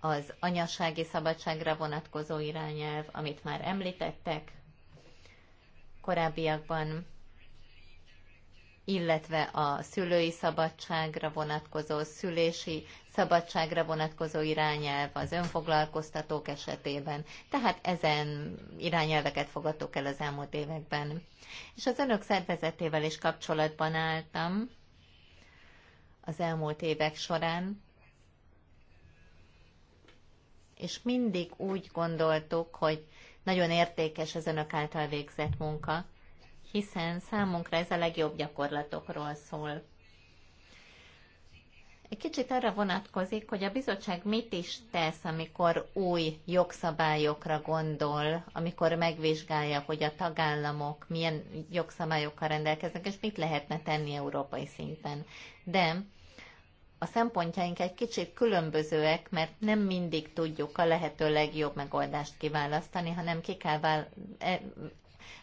az anyasági szabadságra vonatkozó irányelv, amit már említettek korábbiakban, illetve a szülői szabadságra vonatkozó, szülési szabadságra vonatkozó irányelv az önfoglalkoztatók esetében. Tehát ezen irányelveket fogadtuk el az elmúlt években. És az önök szervezetével is kapcsolatban álltam az elmúlt évek során, és mindig úgy gondoltuk, hogy nagyon értékes az önök által végzett munka, hiszen számunkra ez a legjobb gyakorlatokról szól. Egy kicsit arra vonatkozik, hogy a bizottság mit is tesz, amikor új jogszabályokra gondol, amikor megvizsgálja, hogy a tagállamok milyen jogszabályokkal rendelkeznek, és mit lehetne tenni európai szinten. De a szempontjaink egy kicsit különbözőek, mert nem mindig tudjuk a lehető legjobb megoldást kiválasztani, hanem ki kell e-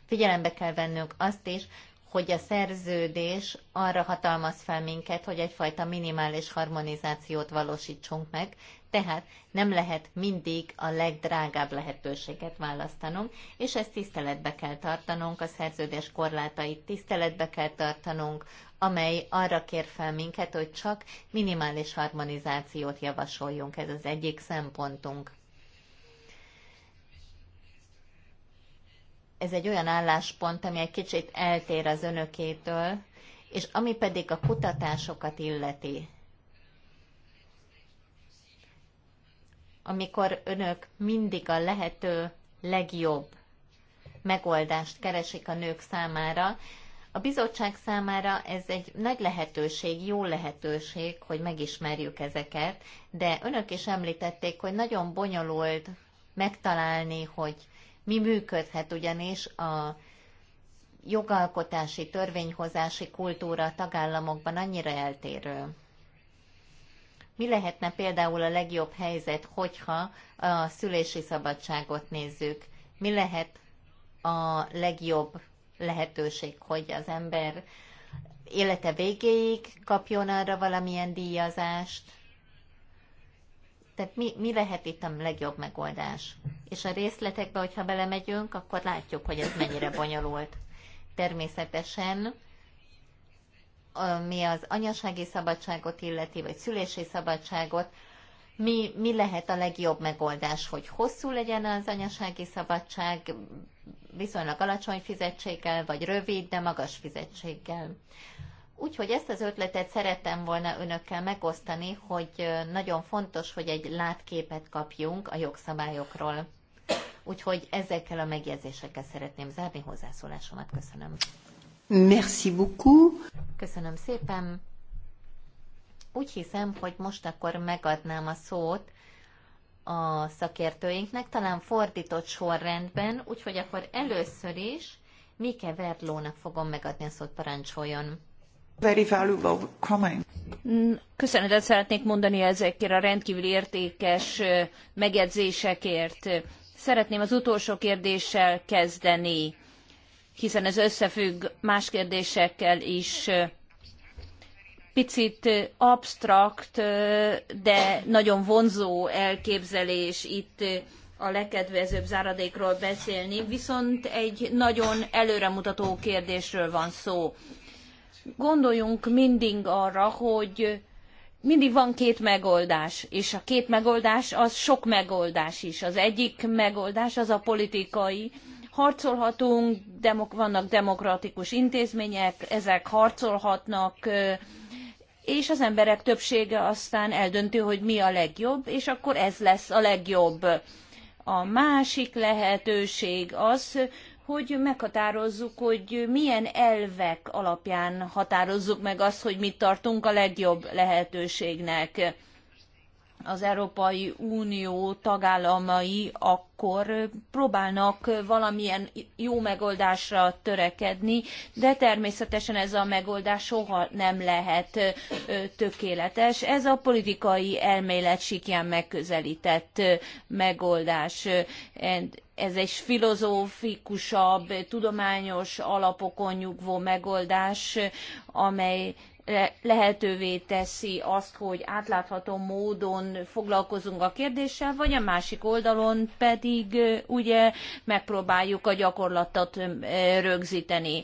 Figyelembe kell vennünk azt is, hogy a szerződés arra hatalmaz fel minket, hogy egyfajta minimális harmonizációt valósítsunk meg, tehát nem lehet mindig a legdrágább lehetőséget választanunk, és ezt tiszteletbe kell tartanunk, a szerződés korlátait tiszteletbe kell tartanunk, amely arra kér fel minket, hogy csak minimális harmonizációt javasoljunk. Ez az egyik szempontunk. ez egy olyan álláspont, ami egy kicsit eltér az önökétől, és ami pedig a kutatásokat illeti. Amikor önök mindig a lehető legjobb megoldást keresik a nők számára, a bizottság számára ez egy nagy lehetőség, jó lehetőség, hogy megismerjük ezeket, de önök is említették, hogy nagyon bonyolult megtalálni, hogy mi működhet ugyanis a jogalkotási, törvényhozási kultúra a tagállamokban annyira eltérő. Mi lehetne például a legjobb helyzet, hogyha a szülési szabadságot nézzük? Mi lehet a legjobb lehetőség, hogy az ember élete végéig kapjon arra valamilyen díjazást, tehát mi, mi lehet itt a legjobb megoldás? És a részletekbe, hogyha belemegyünk, akkor látjuk, hogy ez mennyire bonyolult. Természetesen, mi az anyasági szabadságot illeti, vagy szülési szabadságot, mi, mi lehet a legjobb megoldás, hogy hosszú legyen az anyasági szabadság, viszonylag alacsony fizetséggel, vagy rövid, de magas fizetséggel. Úgyhogy ezt az ötletet szerettem volna önökkel megosztani, hogy nagyon fontos, hogy egy látképet kapjunk a jogszabályokról. Úgyhogy ezekkel a megjegyzésekkel szeretném zárni hozzászólásomat. Köszönöm. Merci beaucoup. Köszönöm szépen. Úgy hiszem, hogy most akkor megadnám a szót a szakértőinknek, talán fordított sorrendben, úgyhogy akkor először is Mike Verlónak fogom megadni a szót, parancsoljon. Very valuable comment. Köszönetet szeretnék mondani ezekért a rendkívül értékes megjegyzésekért. Szeretném az utolsó kérdéssel kezdeni, hiszen ez összefügg más kérdésekkel is. Picit absztrakt, de nagyon vonzó elképzelés itt a legkedvezőbb záradékról beszélni, viszont egy nagyon előremutató kérdésről van szó. Gondoljunk mindig arra, hogy mindig van két megoldás, és a két megoldás az sok megoldás is. Az egyik megoldás az a politikai, harcolhatunk, demok- vannak demokratikus intézmények, ezek harcolhatnak, és az emberek többsége aztán eldönti, hogy mi a legjobb, és akkor ez lesz a legjobb. A másik lehetőség az, hogy meghatározzuk, hogy milyen elvek alapján határozzuk meg azt, hogy mit tartunk a legjobb lehetőségnek az Európai Unió tagállamai akkor próbálnak valamilyen jó megoldásra törekedni, de természetesen ez a megoldás soha nem lehet tökéletes. Ez a politikai elmélet sikján megközelített megoldás. Ez egy filozófikusabb, tudományos alapokon nyugvó megoldás, amely lehetővé teszi azt, hogy átlátható módon foglalkozunk a kérdéssel, vagy a másik oldalon pedig ugye megpróbáljuk a gyakorlatot rögzíteni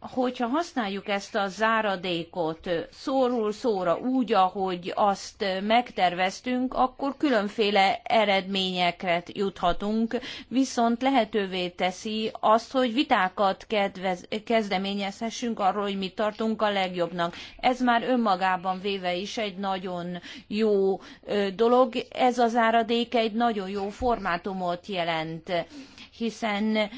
hogyha használjuk ezt a záradékot szóról szóra úgy, ahogy azt megterveztünk, akkor különféle eredményekre juthatunk, viszont lehetővé teszi azt, hogy vitákat kedvez, kezdeményezhessünk arról, hogy mit tartunk a legjobbnak. Ez már önmagában véve is egy nagyon jó dolog. Ez a záradék egy nagyon jó formátumot jelent, hiszen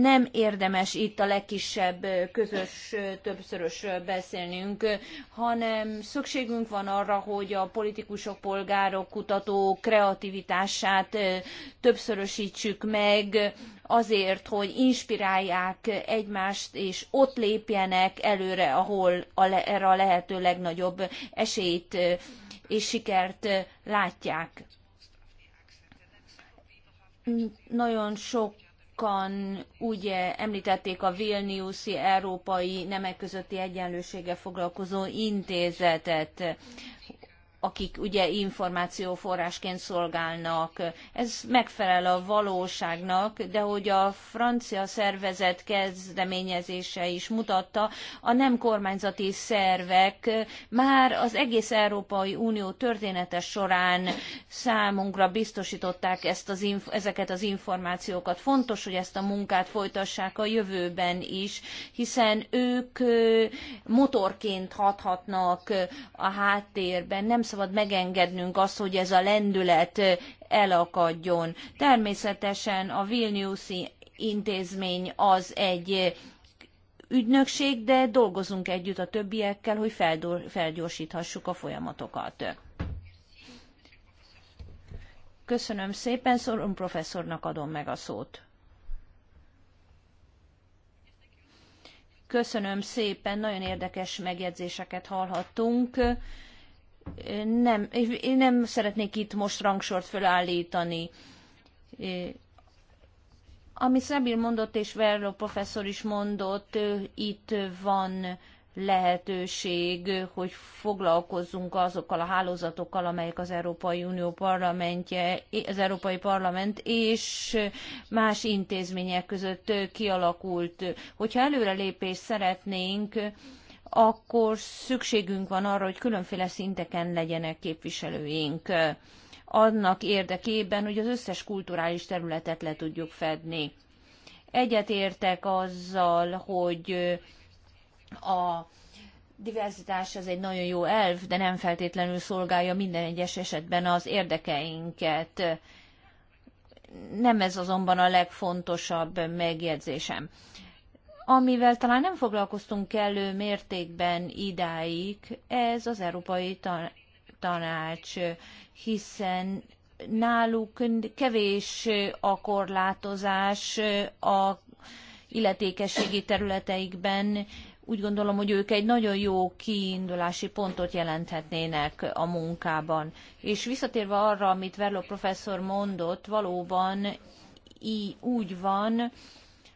nem érdemes itt a legkisebb közös többszörösről beszélnünk, hanem szükségünk van arra, hogy a politikusok, polgárok, kutatók kreativitását többszörösítsük meg, azért, hogy inspirálják egymást, és ott lépjenek előre, ahol a le, erre a lehető legnagyobb esélyt és sikert látják. Nagyon sok sokan úgy említették a Vilniuszi Európai Nemek Közötti Egyenlőséggel foglalkozó intézetet, akik ugye információforrásként szolgálnak. Ez megfelel a valóságnak, de hogy a francia szervezet kezdeményezése is mutatta, a nem kormányzati szervek már az egész Európai Unió története során számunkra biztosították ezt az ezeket az információkat. Fontos, hogy ezt a munkát folytassák a jövőben is, hiszen ők motorként hathatnak a háttérben, nem szabad megengednünk azt, hogy ez a lendület elakadjon. Természetesen a Vilniuszi intézmény az egy ügynökség, de dolgozunk együtt a többiekkel, hogy felgyorsíthassuk a folyamatokat. Köszönöm szépen, Szoron professzornak adom meg a szót. Köszönöm szépen, nagyon érdekes megjegyzéseket hallhattunk nem, én nem szeretnék itt most rangsort fölállítani. Ami Szabil mondott, és Verlo professzor is mondott, itt van lehetőség, hogy foglalkozzunk azokkal a hálózatokkal, amelyek az Európai Unió parlamentje, az Európai Parlament és más intézmények között kialakult. Hogyha előrelépést szeretnénk, akkor szükségünk van arra, hogy különféle szinteken legyenek képviselőink annak érdekében, hogy az összes kulturális területet le tudjuk fedni. Egyetértek azzal, hogy a diverzitás az egy nagyon jó elv, de nem feltétlenül szolgálja minden egyes esetben az érdekeinket. Nem ez azonban a legfontosabb megjegyzésem amivel talán nem foglalkoztunk kellő mértékben idáig, ez az Európai Tanács, hiszen náluk kevés a korlátozás a illetékességi területeikben. Úgy gondolom, hogy ők egy nagyon jó kiindulási pontot jelenthetnének a munkában. És visszatérve arra, amit Verlo professzor mondott, valóban így, úgy van,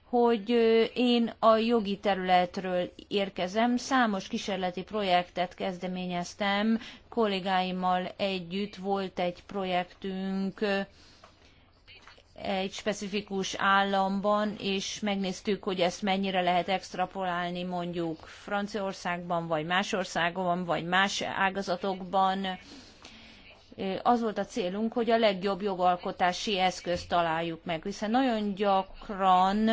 hogy én a jogi területről érkezem. Számos kísérleti projektet kezdeményeztem, kollégáimmal együtt volt egy projektünk egy specifikus államban, és megnéztük, hogy ezt mennyire lehet extrapolálni mondjuk Franciaországban, vagy más országban, vagy más ágazatokban az volt a célunk, hogy a legjobb jogalkotási eszközt találjuk meg, hiszen nagyon gyakran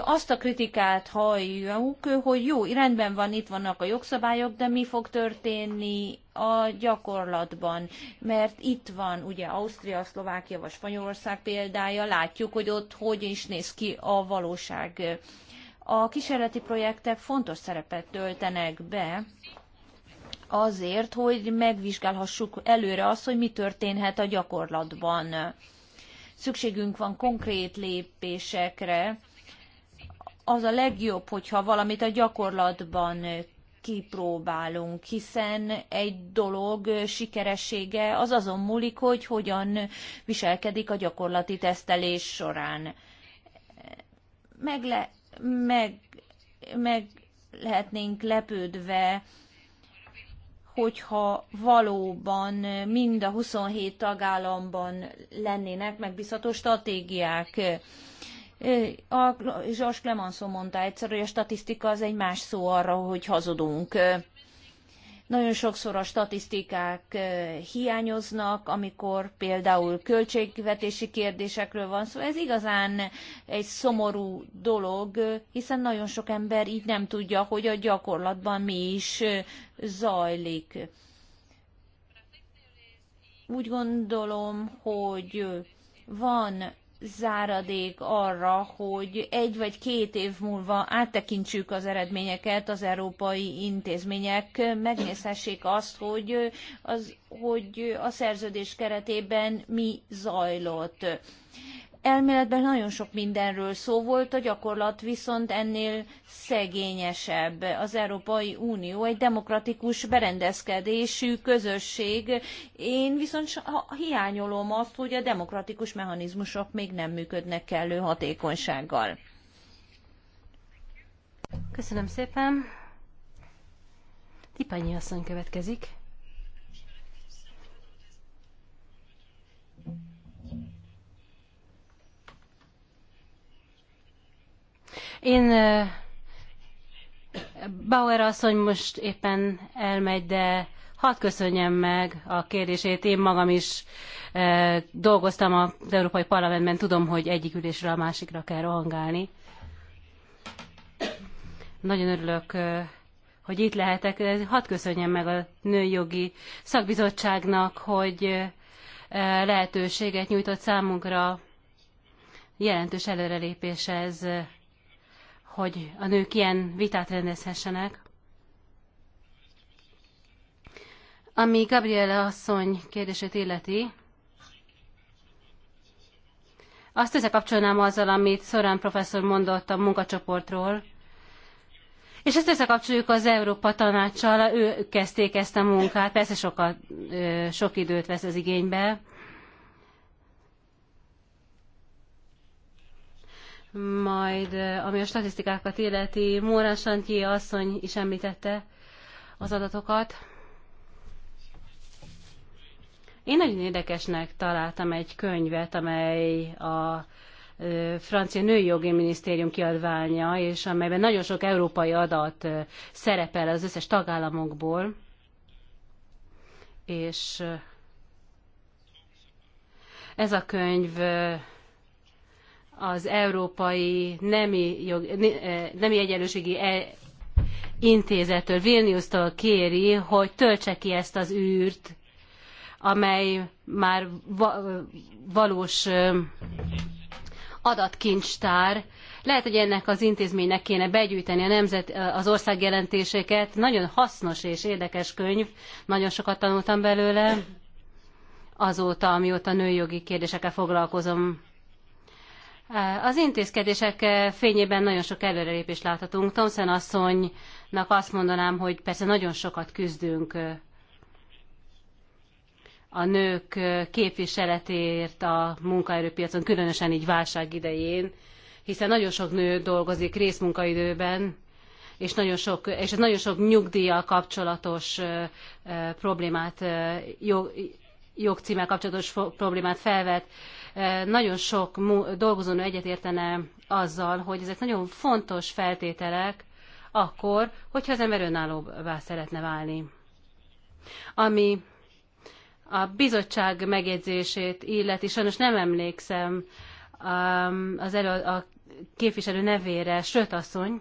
azt a kritikát halljuk, hogy jó, rendben van, itt vannak a jogszabályok, de mi fog történni a gyakorlatban? Mert itt van ugye Ausztria, Szlovákia vagy Spanyolország példája, látjuk, hogy ott hogy is néz ki a valóság. A kísérleti projektek fontos szerepet töltenek be, azért, hogy megvizsgálhassuk előre azt, hogy mi történhet a gyakorlatban. Szükségünk van konkrét lépésekre. Az a legjobb, hogyha valamit a gyakorlatban kipróbálunk, hiszen egy dolog sikeressége az azon múlik, hogy hogyan viselkedik a gyakorlati tesztelés során. Meg, le, meg, meg lehetnénk lepődve hogyha valóban mind a 27 tagállamban lennének megbízható stratégiák. A Georges Clemenceau mondta egyszer, hogy a statisztika az egy más szó arra, hogy hazudunk. Nagyon sokszor a statisztikák hiányoznak, amikor például költségvetési kérdésekről van szó. Szóval ez igazán egy szomorú dolog, hiszen nagyon sok ember így nem tudja, hogy a gyakorlatban mi is zajlik. Úgy gondolom, hogy van záradék arra, hogy egy vagy két év múlva áttekintsük az eredményeket, az európai intézmények megnézhessék azt, hogy, az, hogy a szerződés keretében mi zajlott. Elméletben nagyon sok mindenről szó volt, a gyakorlat viszont ennél szegényesebb. Az Európai Unió egy demokratikus berendezkedésű közösség. Én viszont hiányolom azt, hogy a demokratikus mechanizmusok még nem működnek kellő hatékonysággal. Köszönöm szépen. Tipányi asszony következik. Én Bauer asszony most éppen elmegy, de hadd köszönjem meg a kérdését. Én magam is dolgoztam az Európai Parlamentben, tudom, hogy egyik ülésről a másikra kell rohangálni. Nagyon örülök, hogy itt lehetek. Hadd köszönjem meg a Nőjogi Szakbizottságnak, hogy lehetőséget nyújtott számunkra. Jelentős előrelépés ez hogy a nők ilyen vitát rendezhessenek. Ami Gabriele asszony kérdését illeti, azt összekapcsolnám azzal, amit Szorán professzor mondott a munkacsoportról, és ezt összekapcsoljuk az Európa Tanácssal, ők kezdték ezt a munkát, persze sokat, sok időt vesz az igénybe, Majd, eh, ami a statisztikákat illeti, Móra Santyi asszony is említette az adatokat. Én nagyon érdekesnek találtam egy könyvet, amely a eh, francia női jogi minisztérium kiadványa, és amelyben nagyon sok európai adat eh, szerepel az összes tagállamokból, és ez a könyv az Európai Nemi, Jog, eh, Nemi Egyenlőségi e- Intézettől, Vilniustól kéri, hogy töltse ki ezt az űrt, amely már valós eh, adatkincstár. Lehet, hogy ennek az intézménynek kéne begyűjteni a nemzet, eh, az ország jelentéseket. Nagyon hasznos és érdekes könyv, nagyon sokat tanultam belőle azóta, amióta nőjogi kérdésekkel foglalkozom az intézkedések eh, fényében nagyon sok előrelépést láthatunk. Thomson asszonynak azt mondanám, hogy persze nagyon sokat küzdünk eh, a nők eh, képviseletért a munkaerőpiacon, különösen így válság idején, hiszen nagyon sok nő dolgozik részmunkaidőben, és nagyon sok, és nagyon sok nyugdíjjal kapcsolatos problémát, jog, jogcímmel kapcsolatos problémát felvet. Eh, nagyon sok dolgozónő egyetértene azzal, hogy ezek nagyon fontos feltételek akkor, hogyha az ember önállóvá szeretne válni. Ami a bizottság megjegyzését illeti, sajnos nem emlékszem um, az elő, a képviselő nevére, Sőt asszony,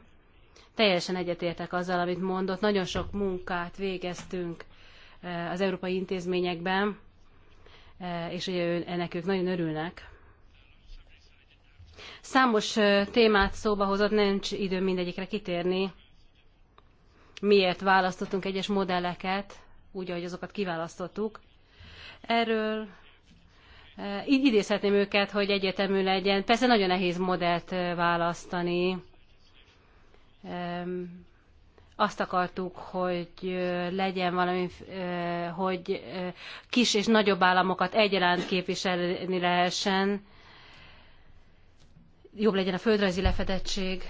teljesen egyetértek azzal, amit mondott. Nagyon sok munkát végeztünk eh, az európai intézményekben, Eh, és ugye ennek ők nagyon örülnek. Számos eh, témát szóba hozott, nincs időm mindegyikre kitérni. Miért választottunk egyes modelleket, úgy, ahogy azokat kiválasztottuk. Erről eh, így idézhetném őket, hogy egyértelmű legyen. Persze nagyon nehéz modellt választani azt akartuk, hogy legyen valami, hogy kis és nagyobb államokat egyaránt képviselni lehessen, jobb legyen a földrajzi lefedettség.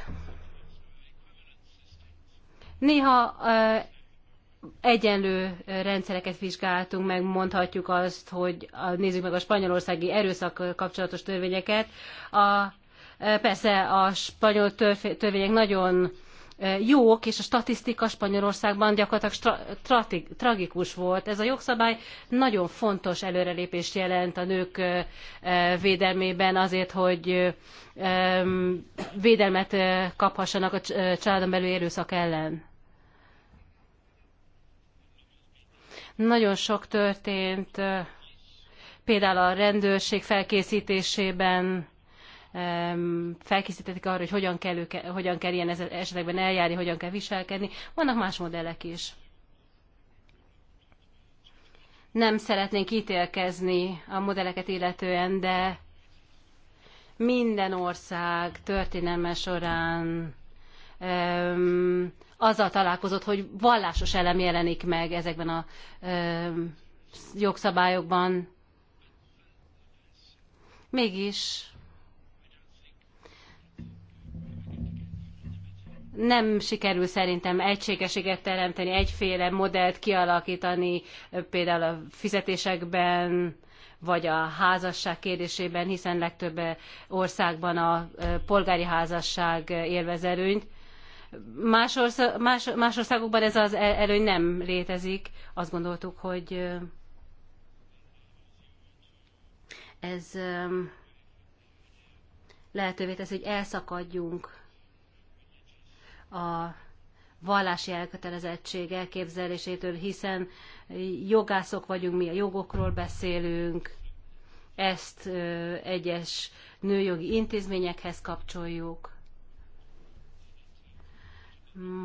Néha egyenlő rendszereket vizsgáltunk meg, mondhatjuk azt, hogy nézzük meg a spanyolországi erőszak kapcsolatos törvényeket. A, persze a spanyol törvények nagyon jók, és a statisztika Spanyolországban gyakorlatilag tragikus volt. Ez a jogszabály nagyon fontos előrelépést jelent a nők védelmében azért, hogy védelmet kaphassanak a családon belül erőszak ellen. Nagyon sok történt, például a rendőrség felkészítésében, felkészítették arra, hogy hogyan kell, őke, hogyan kell ilyen esetekben eljárni, hogyan kell viselkedni. Vannak más modellek is. Nem szeretnénk ítélkezni a modelleket illetően, de minden ország történelme során öm, azzal találkozott, hogy vallásos elem jelenik meg ezekben a öm, jogszabályokban. Mégis nem sikerül szerintem egységeséget teremteni, egyféle modellt kialakítani, például a fizetésekben, vagy a házasság kérdésében, hiszen legtöbb országban a polgári házasság élvez előnyt. Más, orsza, más, más országokban ez az e-, előny nem létezik. Azt gondoltuk, hogy ez lehetővé tesz, hogy elszakadjunk a vallási elkötelezettség elképzelésétől, hiszen jogászok vagyunk, mi a jogokról beszélünk, ezt egyes nőjogi intézményekhez kapcsoljuk.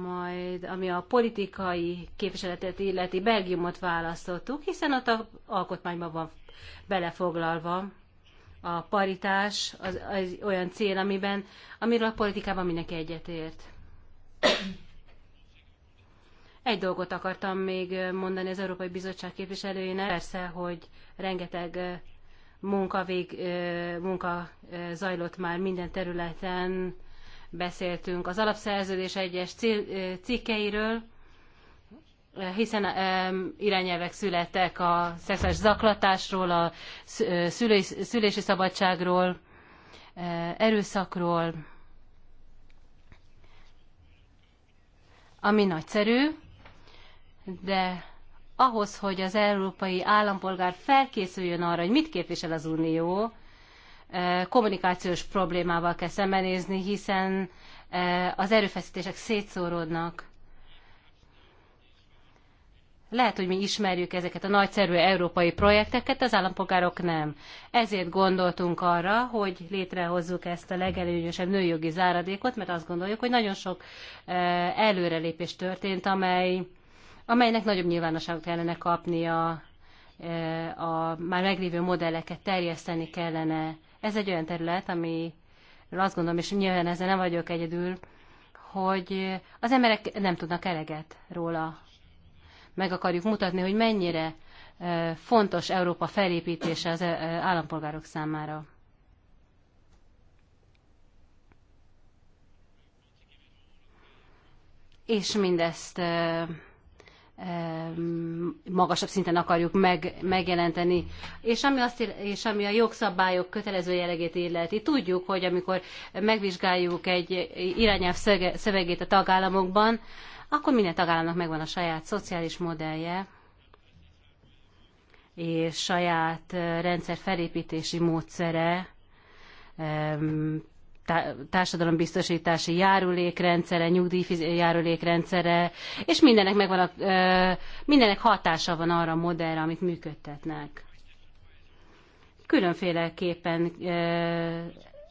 Majd, ami a politikai képviseletet illeti, Belgiumot választottuk, hiszen ott a alkotmányban van belefoglalva a paritás, az, az olyan cél, amiben, amiről a politikában mindenki egyetért. Egy dolgot akartam még mondani az Európai Bizottság képviselőjének. Persze, hogy rengeteg eh, munka, vég, eh, munka eh, zajlott már minden területen, beszéltünk az alapszerződés egyes cikkeiről, hiszen irányelvek születtek a szexuális zaklatásról, a szülési szabadságról, erőszakról, ami nagyszerű, de ahhoz, hogy az európai állampolgár felkészüljön arra, hogy mit képvisel az Unió, eh, kommunikációs problémával kell szembenézni, hiszen eh, az erőfeszítések szétszóródnak. Lehet, hogy mi ismerjük ezeket a nagyszerű európai projekteket, az állampolgárok nem. Ezért gondoltunk arra, hogy létrehozzuk ezt a legelőnyösebb nőjogi záradékot, mert azt gondoljuk, hogy nagyon sok e, előrelépés történt, amely, amelynek nagyobb nyilvánosságot kellene kapnia, e, a már meglévő modelleket terjeszteni kellene. Ez egy olyan terület, ami azt gondolom, és nyilván ezzel nem vagyok egyedül, hogy az emberek nem tudnak eleget róla meg akarjuk mutatni, hogy mennyire e, fontos Európa felépítése az e, e, állampolgárok számára. És mindezt magasabb szinten akarjuk meg, megjelenteni. És ami, azt, és ami a jogszabályok kötelező jellegét illeti, tudjuk, hogy amikor megvizsgáljuk egy irányelv szövegét a tagállamokban, akkor minden tagállamnak megvan a saját szociális modellje, és saját rendszer felépítési módszere, társadalombiztosítási járulékrendszere, nyugdíjjárulékrendszere, és mindenek megvan a, mindenek hatása van arra a modellre, amit működtetnek. Különféleképpen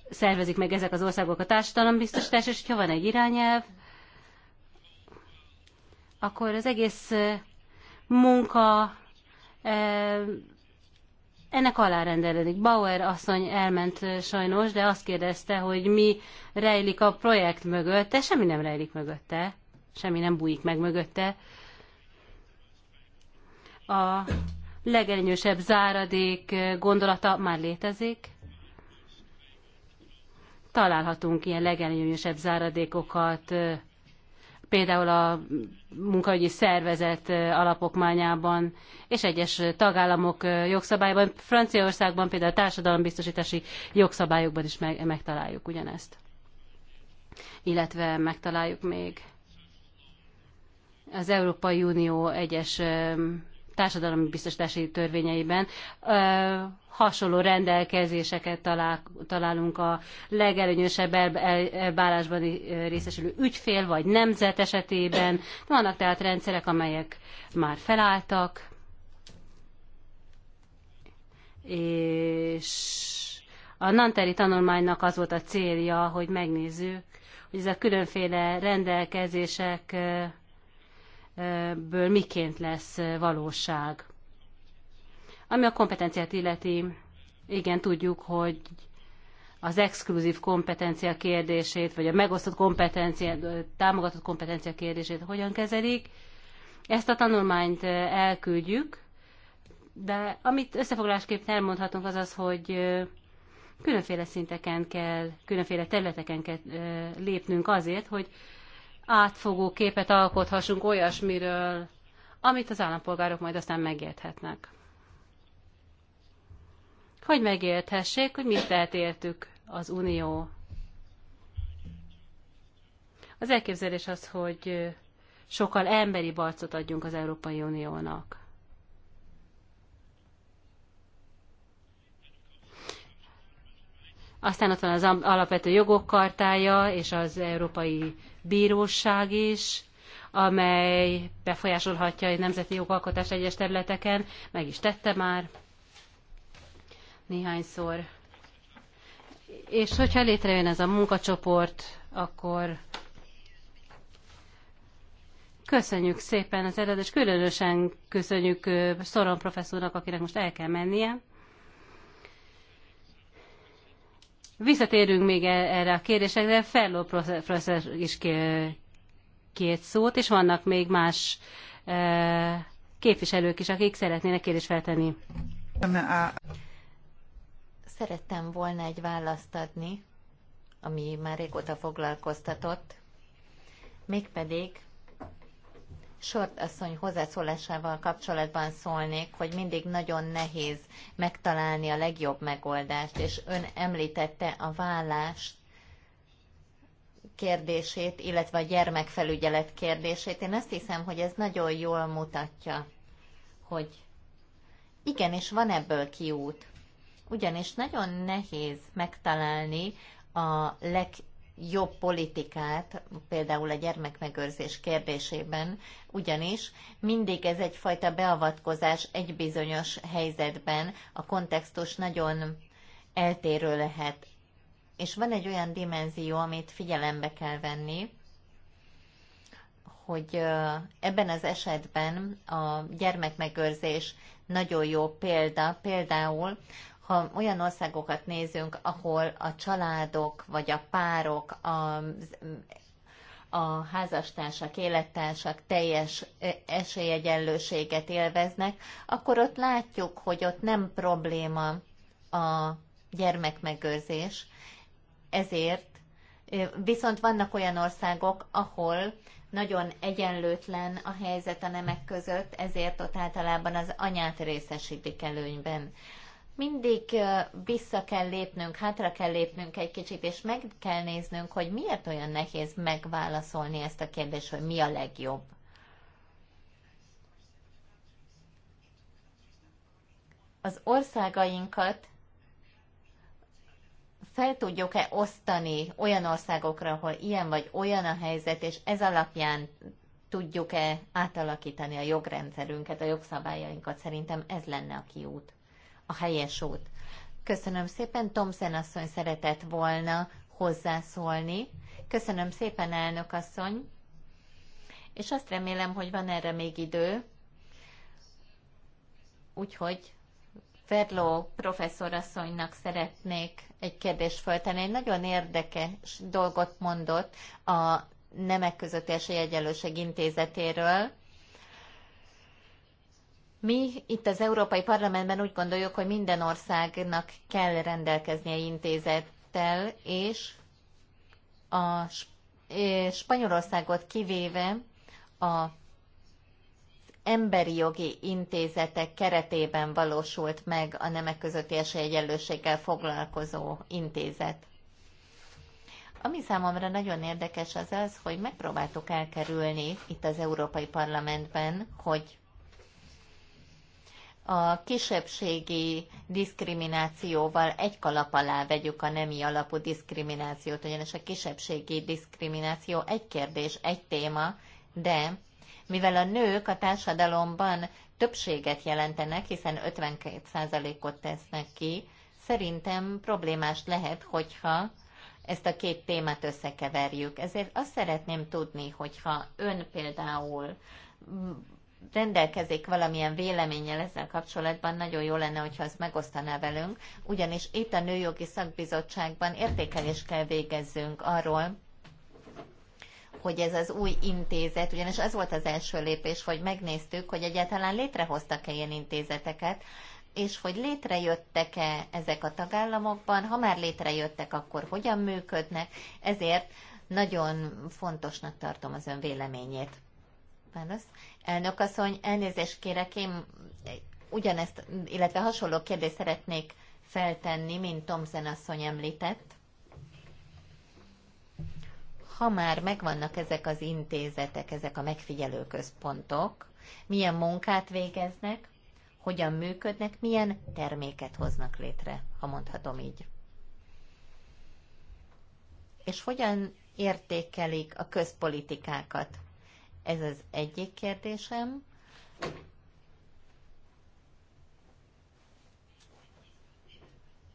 szervezik meg ezek az országok a társadalombiztosítást, és ha van egy irányelv, akkor az egész munka ennek alárendelődik. Bauer asszony elment sajnos, de azt kérdezte, hogy mi rejlik a projekt mögötte. Semmi nem rejlik mögötte. Semmi nem bújik meg mögötte. A legernyősebb záradék gondolata már létezik. Találhatunk ilyen legernyősebb záradékokat például a munkahogyi szervezet alapokmányában és egyes tagállamok jogszabályban, Franciaországban például a társadalombiztosítási jogszabályokban is meg, megtaláljuk ugyanezt. Illetve megtaláljuk még az Európai Unió egyes társadalmi biztosítási törvényeiben hasonló rendelkezéseket talál, találunk a legelőnyösebb elbálásban részesülő ügyfél vagy nemzet esetében. Vannak tehát rendszerek, amelyek már felálltak, és a Nanteri tanulmánynak az volt a célja, hogy megnézzük, hogy ez a különféle rendelkezések ből miként lesz e, valóság. Ami a kompetenciát illeti, igen, tudjuk, hogy az exkluzív kompetencia kérdését, vagy a megosztott kompetencia, támogatott kompetencia kérdését hogyan kezelik. Ezt a tanulmányt e, elküldjük, de amit összefoglalásképpen elmondhatunk az az, hogy különféle szinteken kell, különféle területeken kell lépnünk azért, hogy átfogó képet alkothassunk olyasmiről, amit az állampolgárok majd aztán megérthetnek. Hogy megérthessék, hogy mit tehet értük az Unió. Az elképzelés az, hogy sokkal emberi barcot adjunk az Európai Uniónak. Aztán ott van az alapvető jogok kartája és az Európai bíróság is, amely befolyásolhatja a nemzeti jogalkotás egyes területeken, meg is tette már néhányszor. És hogyha létrejön ez a munkacsoport, akkor köszönjük szépen az előadást, különösen köszönjük Szoron professzornak, akinek most el kell mennie. Visszatérünk még e- erre a kérdésre, de Ferló professzor is két szót, és vannak még más e- képviselők is, akik szeretnének kérdést feltenni. Szerettem volna egy választ adni, ami már régóta foglalkoztatott, mégpedig Sort asszony hozzászólásával kapcsolatban szólnék, hogy mindig nagyon nehéz megtalálni a legjobb megoldást, és ön említette a vállást, kérdését, illetve a gyermekfelügyelet kérdését. Én azt hiszem, hogy ez nagyon jól mutatja, hogy igen, és van ebből kiút. Ugyanis nagyon nehéz megtalálni a leg jobb politikát, például a gyermekmegőrzés kérdésében, ugyanis mindig ez egyfajta beavatkozás egy bizonyos helyzetben, a kontextus nagyon eltérő lehet. És van egy olyan dimenzió, amit figyelembe kell venni, hogy ebben az esetben a gyermekmegőrzés nagyon jó példa, például, ha olyan országokat nézünk, ahol a családok vagy a párok, a, a házastársak, élettársak teljes e, esélyegyenlőséget élveznek, akkor ott látjuk, hogy ott nem probléma a gyermekmegőrzés, ezért Viszont vannak olyan országok, ahol nagyon egyenlőtlen a helyzet a nemek között, ezért ott általában az anyát részesítik előnyben mindig vissza kell lépnünk, hátra kell lépnünk egy kicsit, és meg kell néznünk, hogy miért olyan nehéz megválaszolni ezt a kérdést, hogy mi a legjobb. Az országainkat fel tudjuk-e osztani olyan országokra, ahol ilyen vagy olyan a helyzet, és ez alapján tudjuk-e átalakítani a jogrendszerünket, a jogszabályainkat. Szerintem ez lenne a kiút a helyes út. Köszönöm szépen, Tomszen asszony szeretett volna hozzászólni. Köszönöm szépen, elnök asszony, és azt remélem, hogy van erre még idő. Úgyhogy Verló professzorasszonynak szeretnék egy kérdést föltenni. Egy nagyon érdekes dolgot mondott a Nemek Közötti Esélyegyelőség Intézetéről, mi itt az Európai Parlamentben úgy gondoljuk, hogy minden országnak kell rendelkeznie intézettel, és a Spanyolországot kivéve a emberi jogi intézetek keretében valósult meg a nemek közötti esélyegyenlőséggel foglalkozó intézet. Ami számomra nagyon érdekes az az, hogy megpróbáltuk elkerülni itt az Európai Parlamentben, hogy a kisebbségi diszkriminációval egy kalap alá vegyük a nemi alapú diszkriminációt, ugyanis a kisebbségi diszkrimináció egy kérdés, egy téma, de mivel a nők a társadalomban többséget jelentenek, hiszen 52%-ot tesznek ki, szerintem problémás lehet, hogyha ezt a két témát összekeverjük. Ezért azt szeretném tudni, hogyha ön például rendelkezik valamilyen véleménnyel ezzel kapcsolatban, nagyon jó lenne, hogyha azt megosztaná velünk, ugyanis itt a Nőjogi Szakbizottságban értékelést kell végezzünk arról, hogy ez az új intézet, ugyanis ez volt az első lépés, hogy megnéztük, hogy egyáltalán létrehoztak-e ilyen intézeteket, és hogy létrejöttek-e ezek a tagállamokban, ha már létrejöttek, akkor hogyan működnek, ezért nagyon fontosnak tartom az ön véleményét. Válasz. Elnök asszony, elnézést kérek, én ugyanezt, illetve hasonló kérdést szeretnék feltenni, mint Tomzen asszony említett. Ha már megvannak ezek az intézetek, ezek a megfigyelő központok, milyen munkát végeznek, hogyan működnek, milyen terméket hoznak létre, ha mondhatom így. És hogyan értékelik a közpolitikákat. Ez az egyik kérdésem.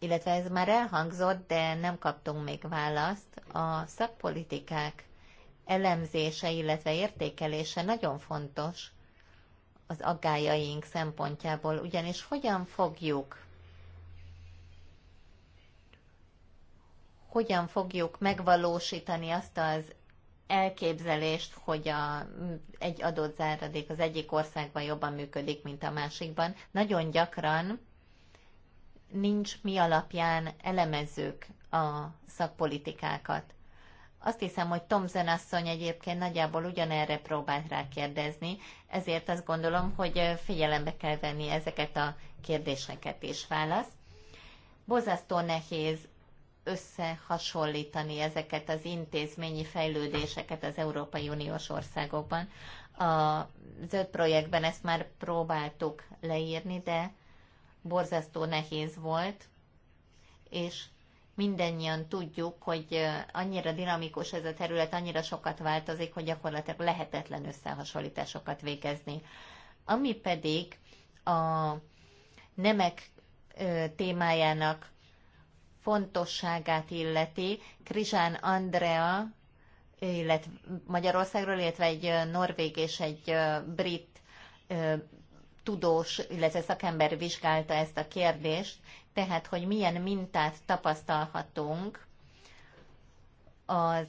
illetve ez már elhangzott, de nem kaptunk még választ, a szakpolitikák elemzése, illetve értékelése nagyon fontos az aggájaink szempontjából, ugyanis hogyan fogjuk hogyan fogjuk megvalósítani azt az elképzelést, hogy a, egy adott záradék az egyik országban jobban működik, mint a másikban, nagyon gyakran nincs mi alapján elemezők a szakpolitikákat. Azt hiszem, hogy Tomzen asszony egyébként nagyjából ugyanerre próbált rákérdezni, ezért azt gondolom, hogy figyelembe kell venni ezeket a kérdéseket is. választ. Bozasztó nehéz összehasonlítani ezeket az intézményi fejlődéseket az Európai Uniós országokban. A zöld projektben ezt már próbáltuk leírni, de borzasztó nehéz volt, és mindannyian tudjuk, hogy annyira dinamikus ez a terület, annyira sokat változik, hogy gyakorlatilag lehetetlen összehasonlításokat végezni. Ami pedig a nemek témájának fontosságát illeti, Krizsán Andrea, illetve Magyarországról, illetve egy norvég és egy brit tudós, illetve szakember vizsgálta ezt a kérdést, tehát hogy milyen mintát tapasztalhatunk az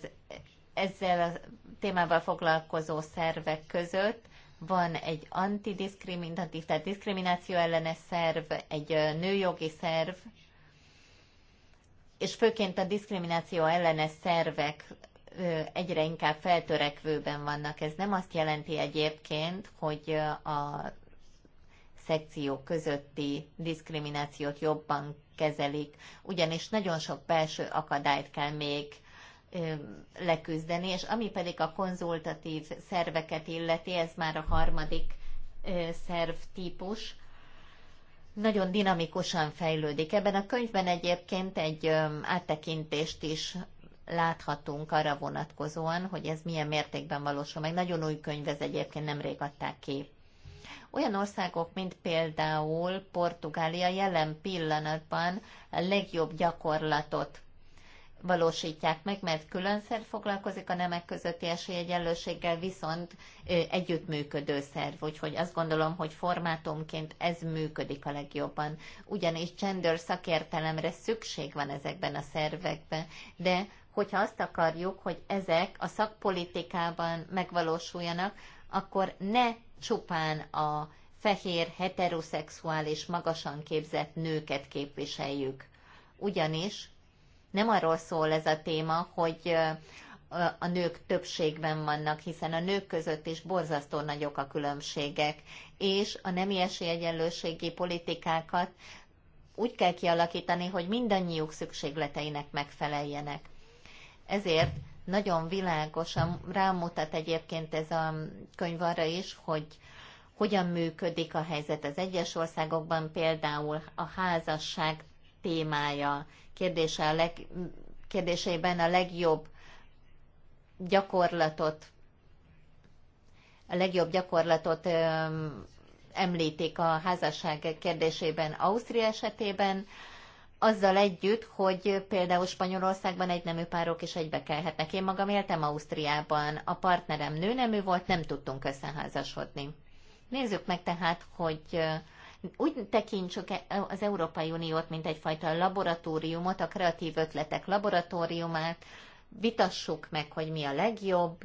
ezzel a témával foglalkozó szervek között. Van egy antidiszkriminatív, tehát diszkrimináció ellenes szerv, egy nőjogi szerv, és főként a diszkrimináció ellenes szervek egyre inkább feltörekvőben vannak. Ez nem azt jelenti egyébként, hogy a szekciók közötti diszkriminációt jobban kezelik, ugyanis nagyon sok belső akadályt kell még leküzdeni, és ami pedig a konzultatív szerveket illeti, ez már a harmadik szervtípus, nagyon dinamikusan fejlődik. Ebben a könyvben egyébként egy áttekintést is láthatunk arra vonatkozóan, hogy ez milyen mértékben valósul meg. Nagyon új könyv ez egyébként, nemrég adták ki. Olyan országok, mint például Portugália jelen pillanatban a legjobb gyakorlatot valósítják meg, mert külön szerv foglalkozik a nemek közötti esélyegyenlőséggel, viszont együttműködő szerv, úgyhogy azt gondolom, hogy formátumként ez működik a legjobban. Ugyanis gender szakértelemre szükség van ezekben a szervekben, de hogyha azt akarjuk, hogy ezek a szakpolitikában megvalósuljanak, akkor ne csupán a fehér, heteroszexuális, magasan képzett nőket képviseljük. Ugyanis nem arról szól ez a téma, hogy a nők többségben vannak, hiszen a nők között is borzasztó nagyok a különbségek, és a nemi esélyegyenlőségi politikákat úgy kell kialakítani, hogy mindannyiuk szükségleteinek megfeleljenek. Ezért nagyon világosan rámutat egyébként ez a könyv arra is, hogy hogyan működik a helyzet az egyes országokban, például a házasság témája. Kérdése a leg, kérdéseiben a legjobb gyakorlatot a legjobb gyakorlatot öm, említik a házasság kérdésében Ausztria esetében, azzal együtt, hogy például Spanyolországban egy nemű párok is kellhetnek, Én magam éltem Ausztriában, a partnerem nőnemű volt, nem tudtunk összeházasodni. Nézzük meg tehát, hogy úgy tekintsük e, az Európai Uniót, mint egyfajta laboratóriumot, a kreatív ötletek laboratóriumát, vitassuk meg, hogy mi a legjobb,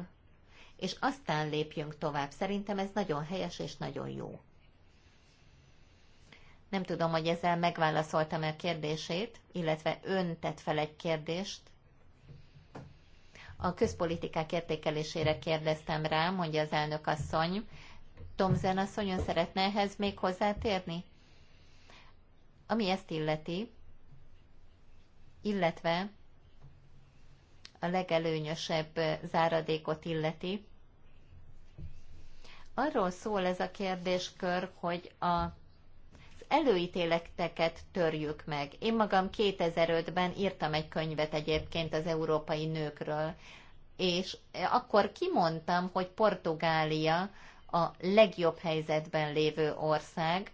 és aztán lépjünk tovább. Szerintem ez nagyon helyes és nagyon jó. Nem tudom, hogy ezzel megválaszoltam-e a kérdését, illetve ön tett fel egy kérdést. A közpolitikák értékelésére kérdeztem rá, mondja az elnök asszony. Tomzen asszonyon szeretne ehhez még hozzátérni? Ami ezt illeti, illetve a legelőnyösebb záradékot illeti. Arról szól ez a kérdéskör, hogy a előítéleteket törjük meg. Én magam 2005-ben írtam egy könyvet egyébként az európai nőkről, és akkor kimondtam, hogy Portugália a legjobb helyzetben lévő ország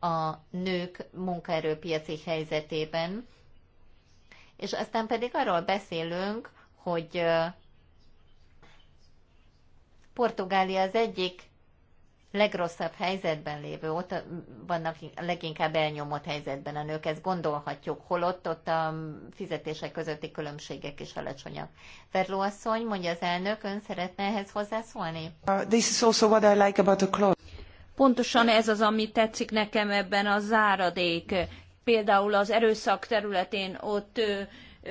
a nők munkaerőpiaci helyzetében, és aztán pedig arról beszélünk, hogy Portugália az egyik legrosszabb helyzetben lévő, ott vannak leginkább elnyomott helyzetben a nők, ezt gondolhatjuk, holott ott a fizetések közötti különbségek is alacsonyak. Verló asszony, mondja az elnök, ön szeretne ehhez hozzászólni? Uh, this is also what I like about the clause. Pontosan ez az, ami tetszik nekem ebben a záradék például az erőszak területén ott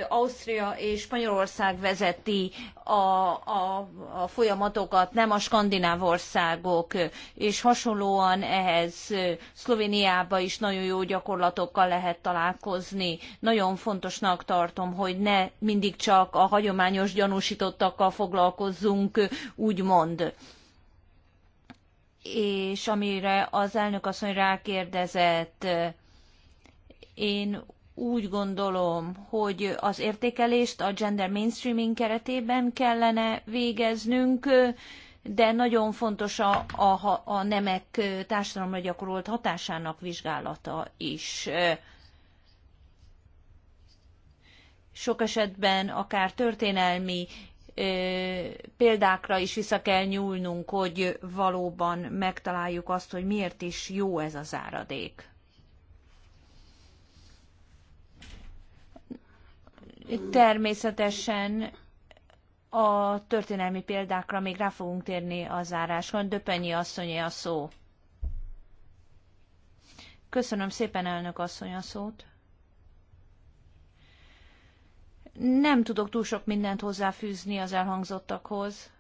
Ausztria és Spanyolország vezeti a, a, a folyamatokat, nem a skandináv országok, és hasonlóan ehhez Szlovéniában is nagyon jó gyakorlatokkal lehet találkozni. Nagyon fontosnak tartom, hogy ne mindig csak a hagyományos gyanúsítottakkal foglalkozzunk, úgymond és amire az elnök asszony rákérdezett, én úgy gondolom, hogy az értékelést a gender mainstreaming keretében kellene végeznünk, de nagyon fontos a, a, a nemek társadalomra gyakorolt hatásának vizsgálata is. Sok esetben akár történelmi példákra is vissza kell nyúlnunk, hogy valóban megtaláljuk azt, hogy miért is jó ez az áradék. Természetesen a történelmi példákra még rá fogunk térni a záráskor. Döpenyi asszonyé a szó. Köszönöm szépen, elnök asszony a szót. Nem tudok túl sok mindent hozzáfűzni az elhangzottakhoz,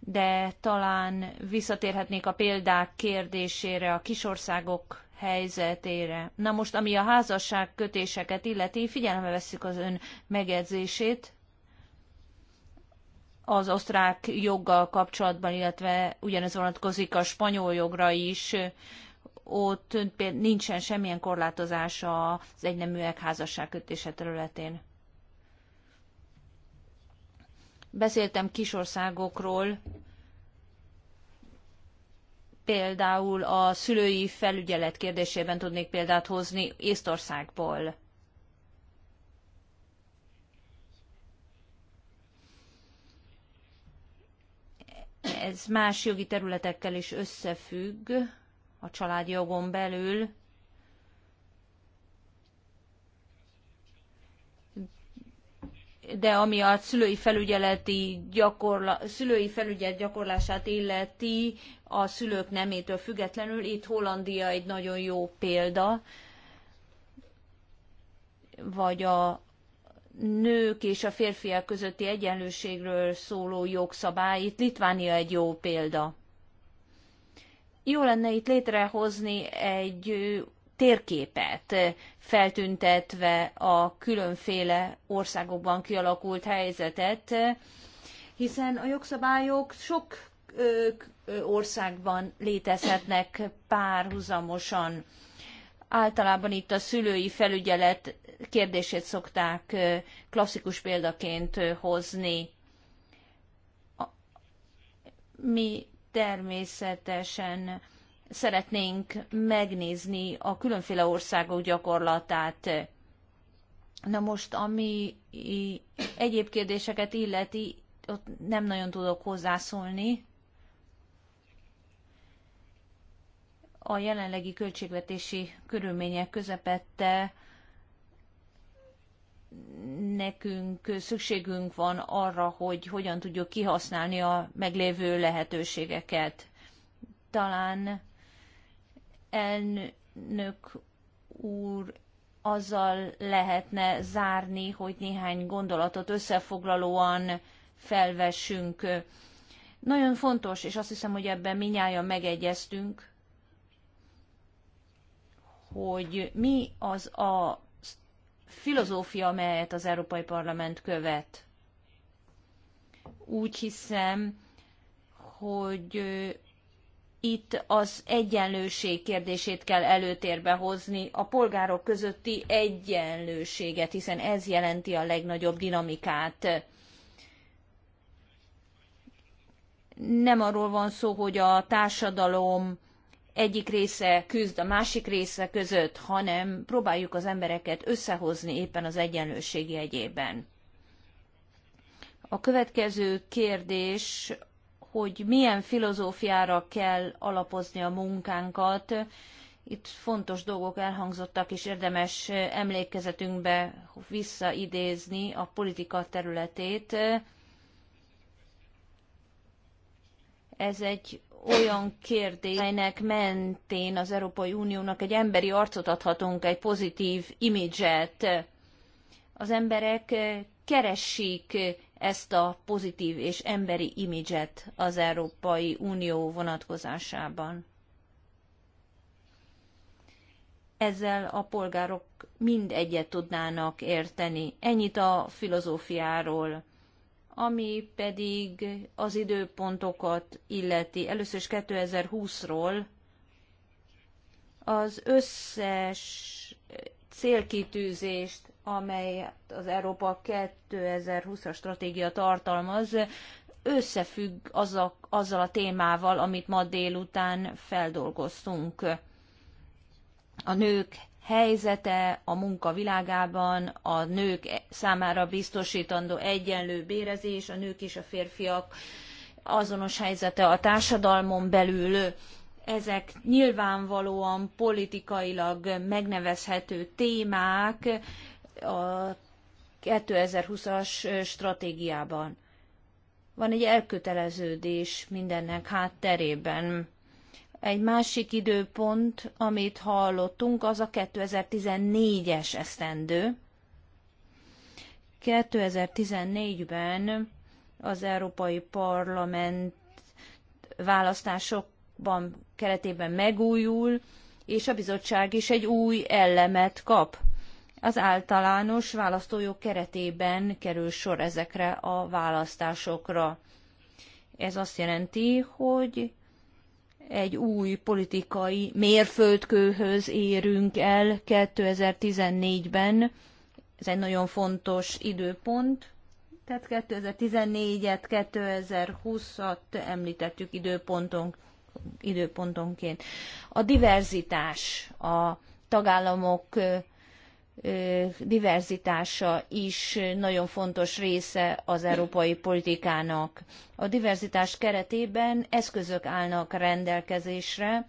de talán visszatérhetnék a példák kérdésére a kisországok helyzetére. Na most, ami a házasság kötéseket illeti, figyelembe veszük az ön megjegyzését az osztrák joggal kapcsolatban, illetve ugyanez vonatkozik a spanyol jogra is, ott nincsen semmilyen korlátozás az egyneműek kötése területén. Beszéltem kisországokról, Például a szülői felügyelet kérdésében tudnék példát hozni Észtországból. Ez más jogi területekkel is összefügg a családjogon belül, de ami a szülői felügyeleti gyakorla, szülői felügyelet gyakorlását illeti a szülők nemétől függetlenül, itt Hollandia egy nagyon jó példa, vagy a nők és a férfiak közötti egyenlőségről szóló jogszabály, itt Litvánia egy jó példa. Jó lenne itt létrehozni egy térképet feltüntetve a különféle országokban kialakult helyzetet, hiszen a jogszabályok sok országban létezhetnek párhuzamosan. Általában itt a szülői felügyelet kérdését szokták klasszikus példaként hozni. Mi természetesen szeretnénk megnézni a különféle országok gyakorlatát. Na most, ami egyéb kérdéseket illeti, ott nem nagyon tudok hozzászólni. A jelenlegi költségvetési körülmények közepette nekünk szükségünk van arra, hogy hogyan tudjuk kihasználni a meglévő lehetőségeket. Talán elnök úr azzal lehetne zárni, hogy néhány gondolatot összefoglalóan felvessünk. Nagyon fontos, és azt hiszem, hogy ebben minnyáján megegyeztünk, hogy mi az a filozófia, amelyet az Európai Parlament követ. Úgy hiszem, hogy itt az egyenlőség kérdését kell előtérbe hozni, a polgárok közötti egyenlőséget, hiszen ez jelenti a legnagyobb dinamikát. Nem arról van szó, hogy a társadalom egyik része küzd a másik része között, hanem próbáljuk az embereket összehozni éppen az egyenlőség jegyében. A következő kérdés hogy milyen filozófiára kell alapozni a munkánkat. Itt fontos dolgok elhangzottak, és érdemes emlékezetünkbe visszaidézni a politika területét. Ez egy olyan kérdés, melynek mentén az Európai Uniónak egy emberi arcot adhatunk, egy pozitív imidzset. Az emberek keresik ezt a pozitív és emberi imidzset az Európai Unió vonatkozásában. Ezzel a polgárok mind egyet tudnának érteni. Ennyit a filozófiáról ami pedig az időpontokat illeti. Először is 2020-ról az összes célkitűzést, amely az Európa 2020-as stratégia tartalmaz, összefügg a, azzal a témával, amit ma délután feldolgoztunk. A nők helyzete a munka világában, a nők számára biztosítandó egyenlő bérezés, a nők és a férfiak azonos helyzete a társadalmon belül, ezek nyilvánvalóan politikailag megnevezhető témák a 2020-as stratégiában. Van egy elköteleződés mindennek hátterében. Egy másik időpont, amit hallottunk, az a 2014-es esztendő. 2014-ben az Európai Parlament választásokban keretében megújul, és a bizottság is egy új ellemet kap. Az általános választójog keretében kerül sor ezekre a választásokra. Ez azt jelenti, hogy egy új politikai mérföldkőhöz érünk el 2014-ben. Ez egy nagyon fontos időpont. Tehát 2014-et, 2020-at említettük időpontunk időpontonként. A diverzitás, a tagállamok diverzitása is nagyon fontos része az európai politikának. A diverzitás keretében eszközök állnak rendelkezésre,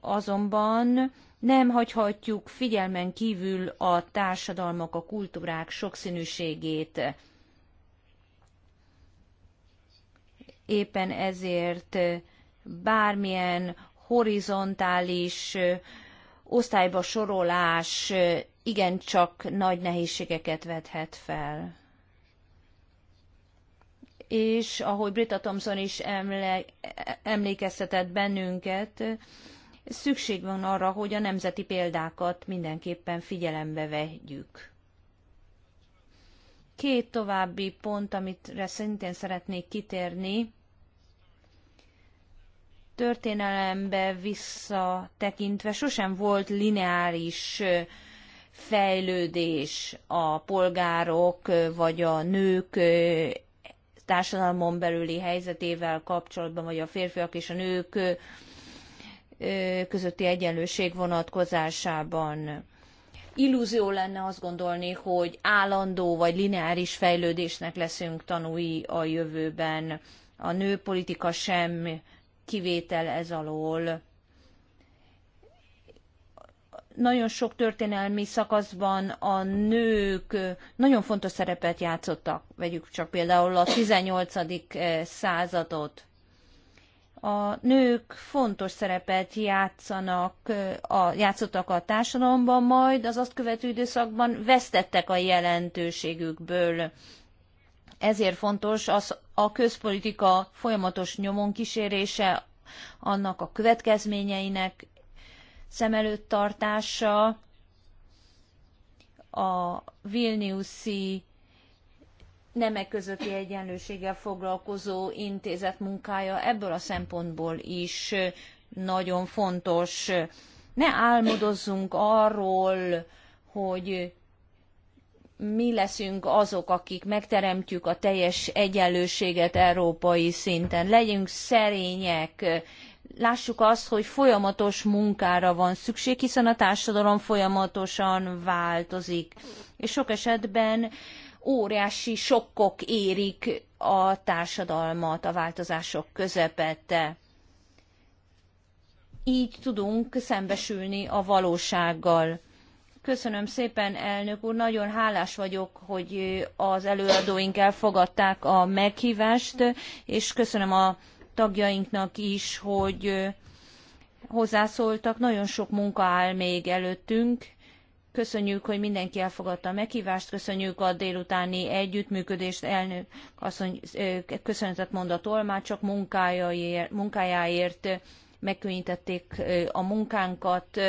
azonban nem hagyhatjuk figyelmen kívül a társadalmak, a kultúrák sokszínűségét. Éppen ezért bármilyen horizontális osztályba sorolás igencsak nagy nehézségeket vethet fel. És ahogy Britta Thompson is emle, emlékeztetett bennünket, szükség van arra, hogy a nemzeti példákat mindenképpen figyelembe vegyük. Két további pont, amit szintén szeretnék kitérni, történelembe visszatekintve sosem volt lineáris fejlődés a polgárok vagy a nők társadalmon belüli helyzetével kapcsolatban, vagy a férfiak és a nők közötti egyenlőség vonatkozásában. Illúzió lenne azt gondolni, hogy állandó vagy lineáris fejlődésnek leszünk tanúi a jövőben. A nőpolitika sem kivétel ez alól. Nagyon sok történelmi szakaszban a nők nagyon fontos szerepet játszottak, vegyük csak például a 18. Eh, századot. A nők fontos szerepet játszanak, eh, a, játszottak a társadalomban, majd az azt követő időszakban vesztettek a jelentőségükből ezért fontos az a közpolitika folyamatos nyomon kísérése, annak a következményeinek szem előtt tartása, a Vilniuszi nemek közötti egyenlőséggel foglalkozó intézet munkája ebből a szempontból is nagyon fontos. Ne álmodozzunk arról, hogy mi leszünk azok, akik megteremtjük a teljes egyenlőséget európai szinten. Legyünk szerények, lássuk azt, hogy folyamatos munkára van szükség, hiszen a társadalom folyamatosan változik. És sok esetben óriási sokkok érik a társadalmat a változások közepette. Így tudunk szembesülni a valósággal Köszönöm szépen, elnök úr. Nagyon hálás vagyok, hogy az előadóink elfogadták a meghívást, és köszönöm a tagjainknak is, hogy hozzászóltak. Nagyon sok munka áll még előttünk. Köszönjük, hogy mindenki elfogadta a meghívást, köszönjük a délutáni együttműködést, elnök asszony köszönetet mond a tolmácsok munkájáért, munkájáért megkönnyítették a munkánkat.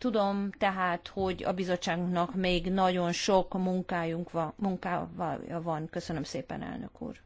Tudom tehát, hogy a bizottságunknak még nagyon sok munkájunk van, munkája van. Köszönöm szépen, elnök úr.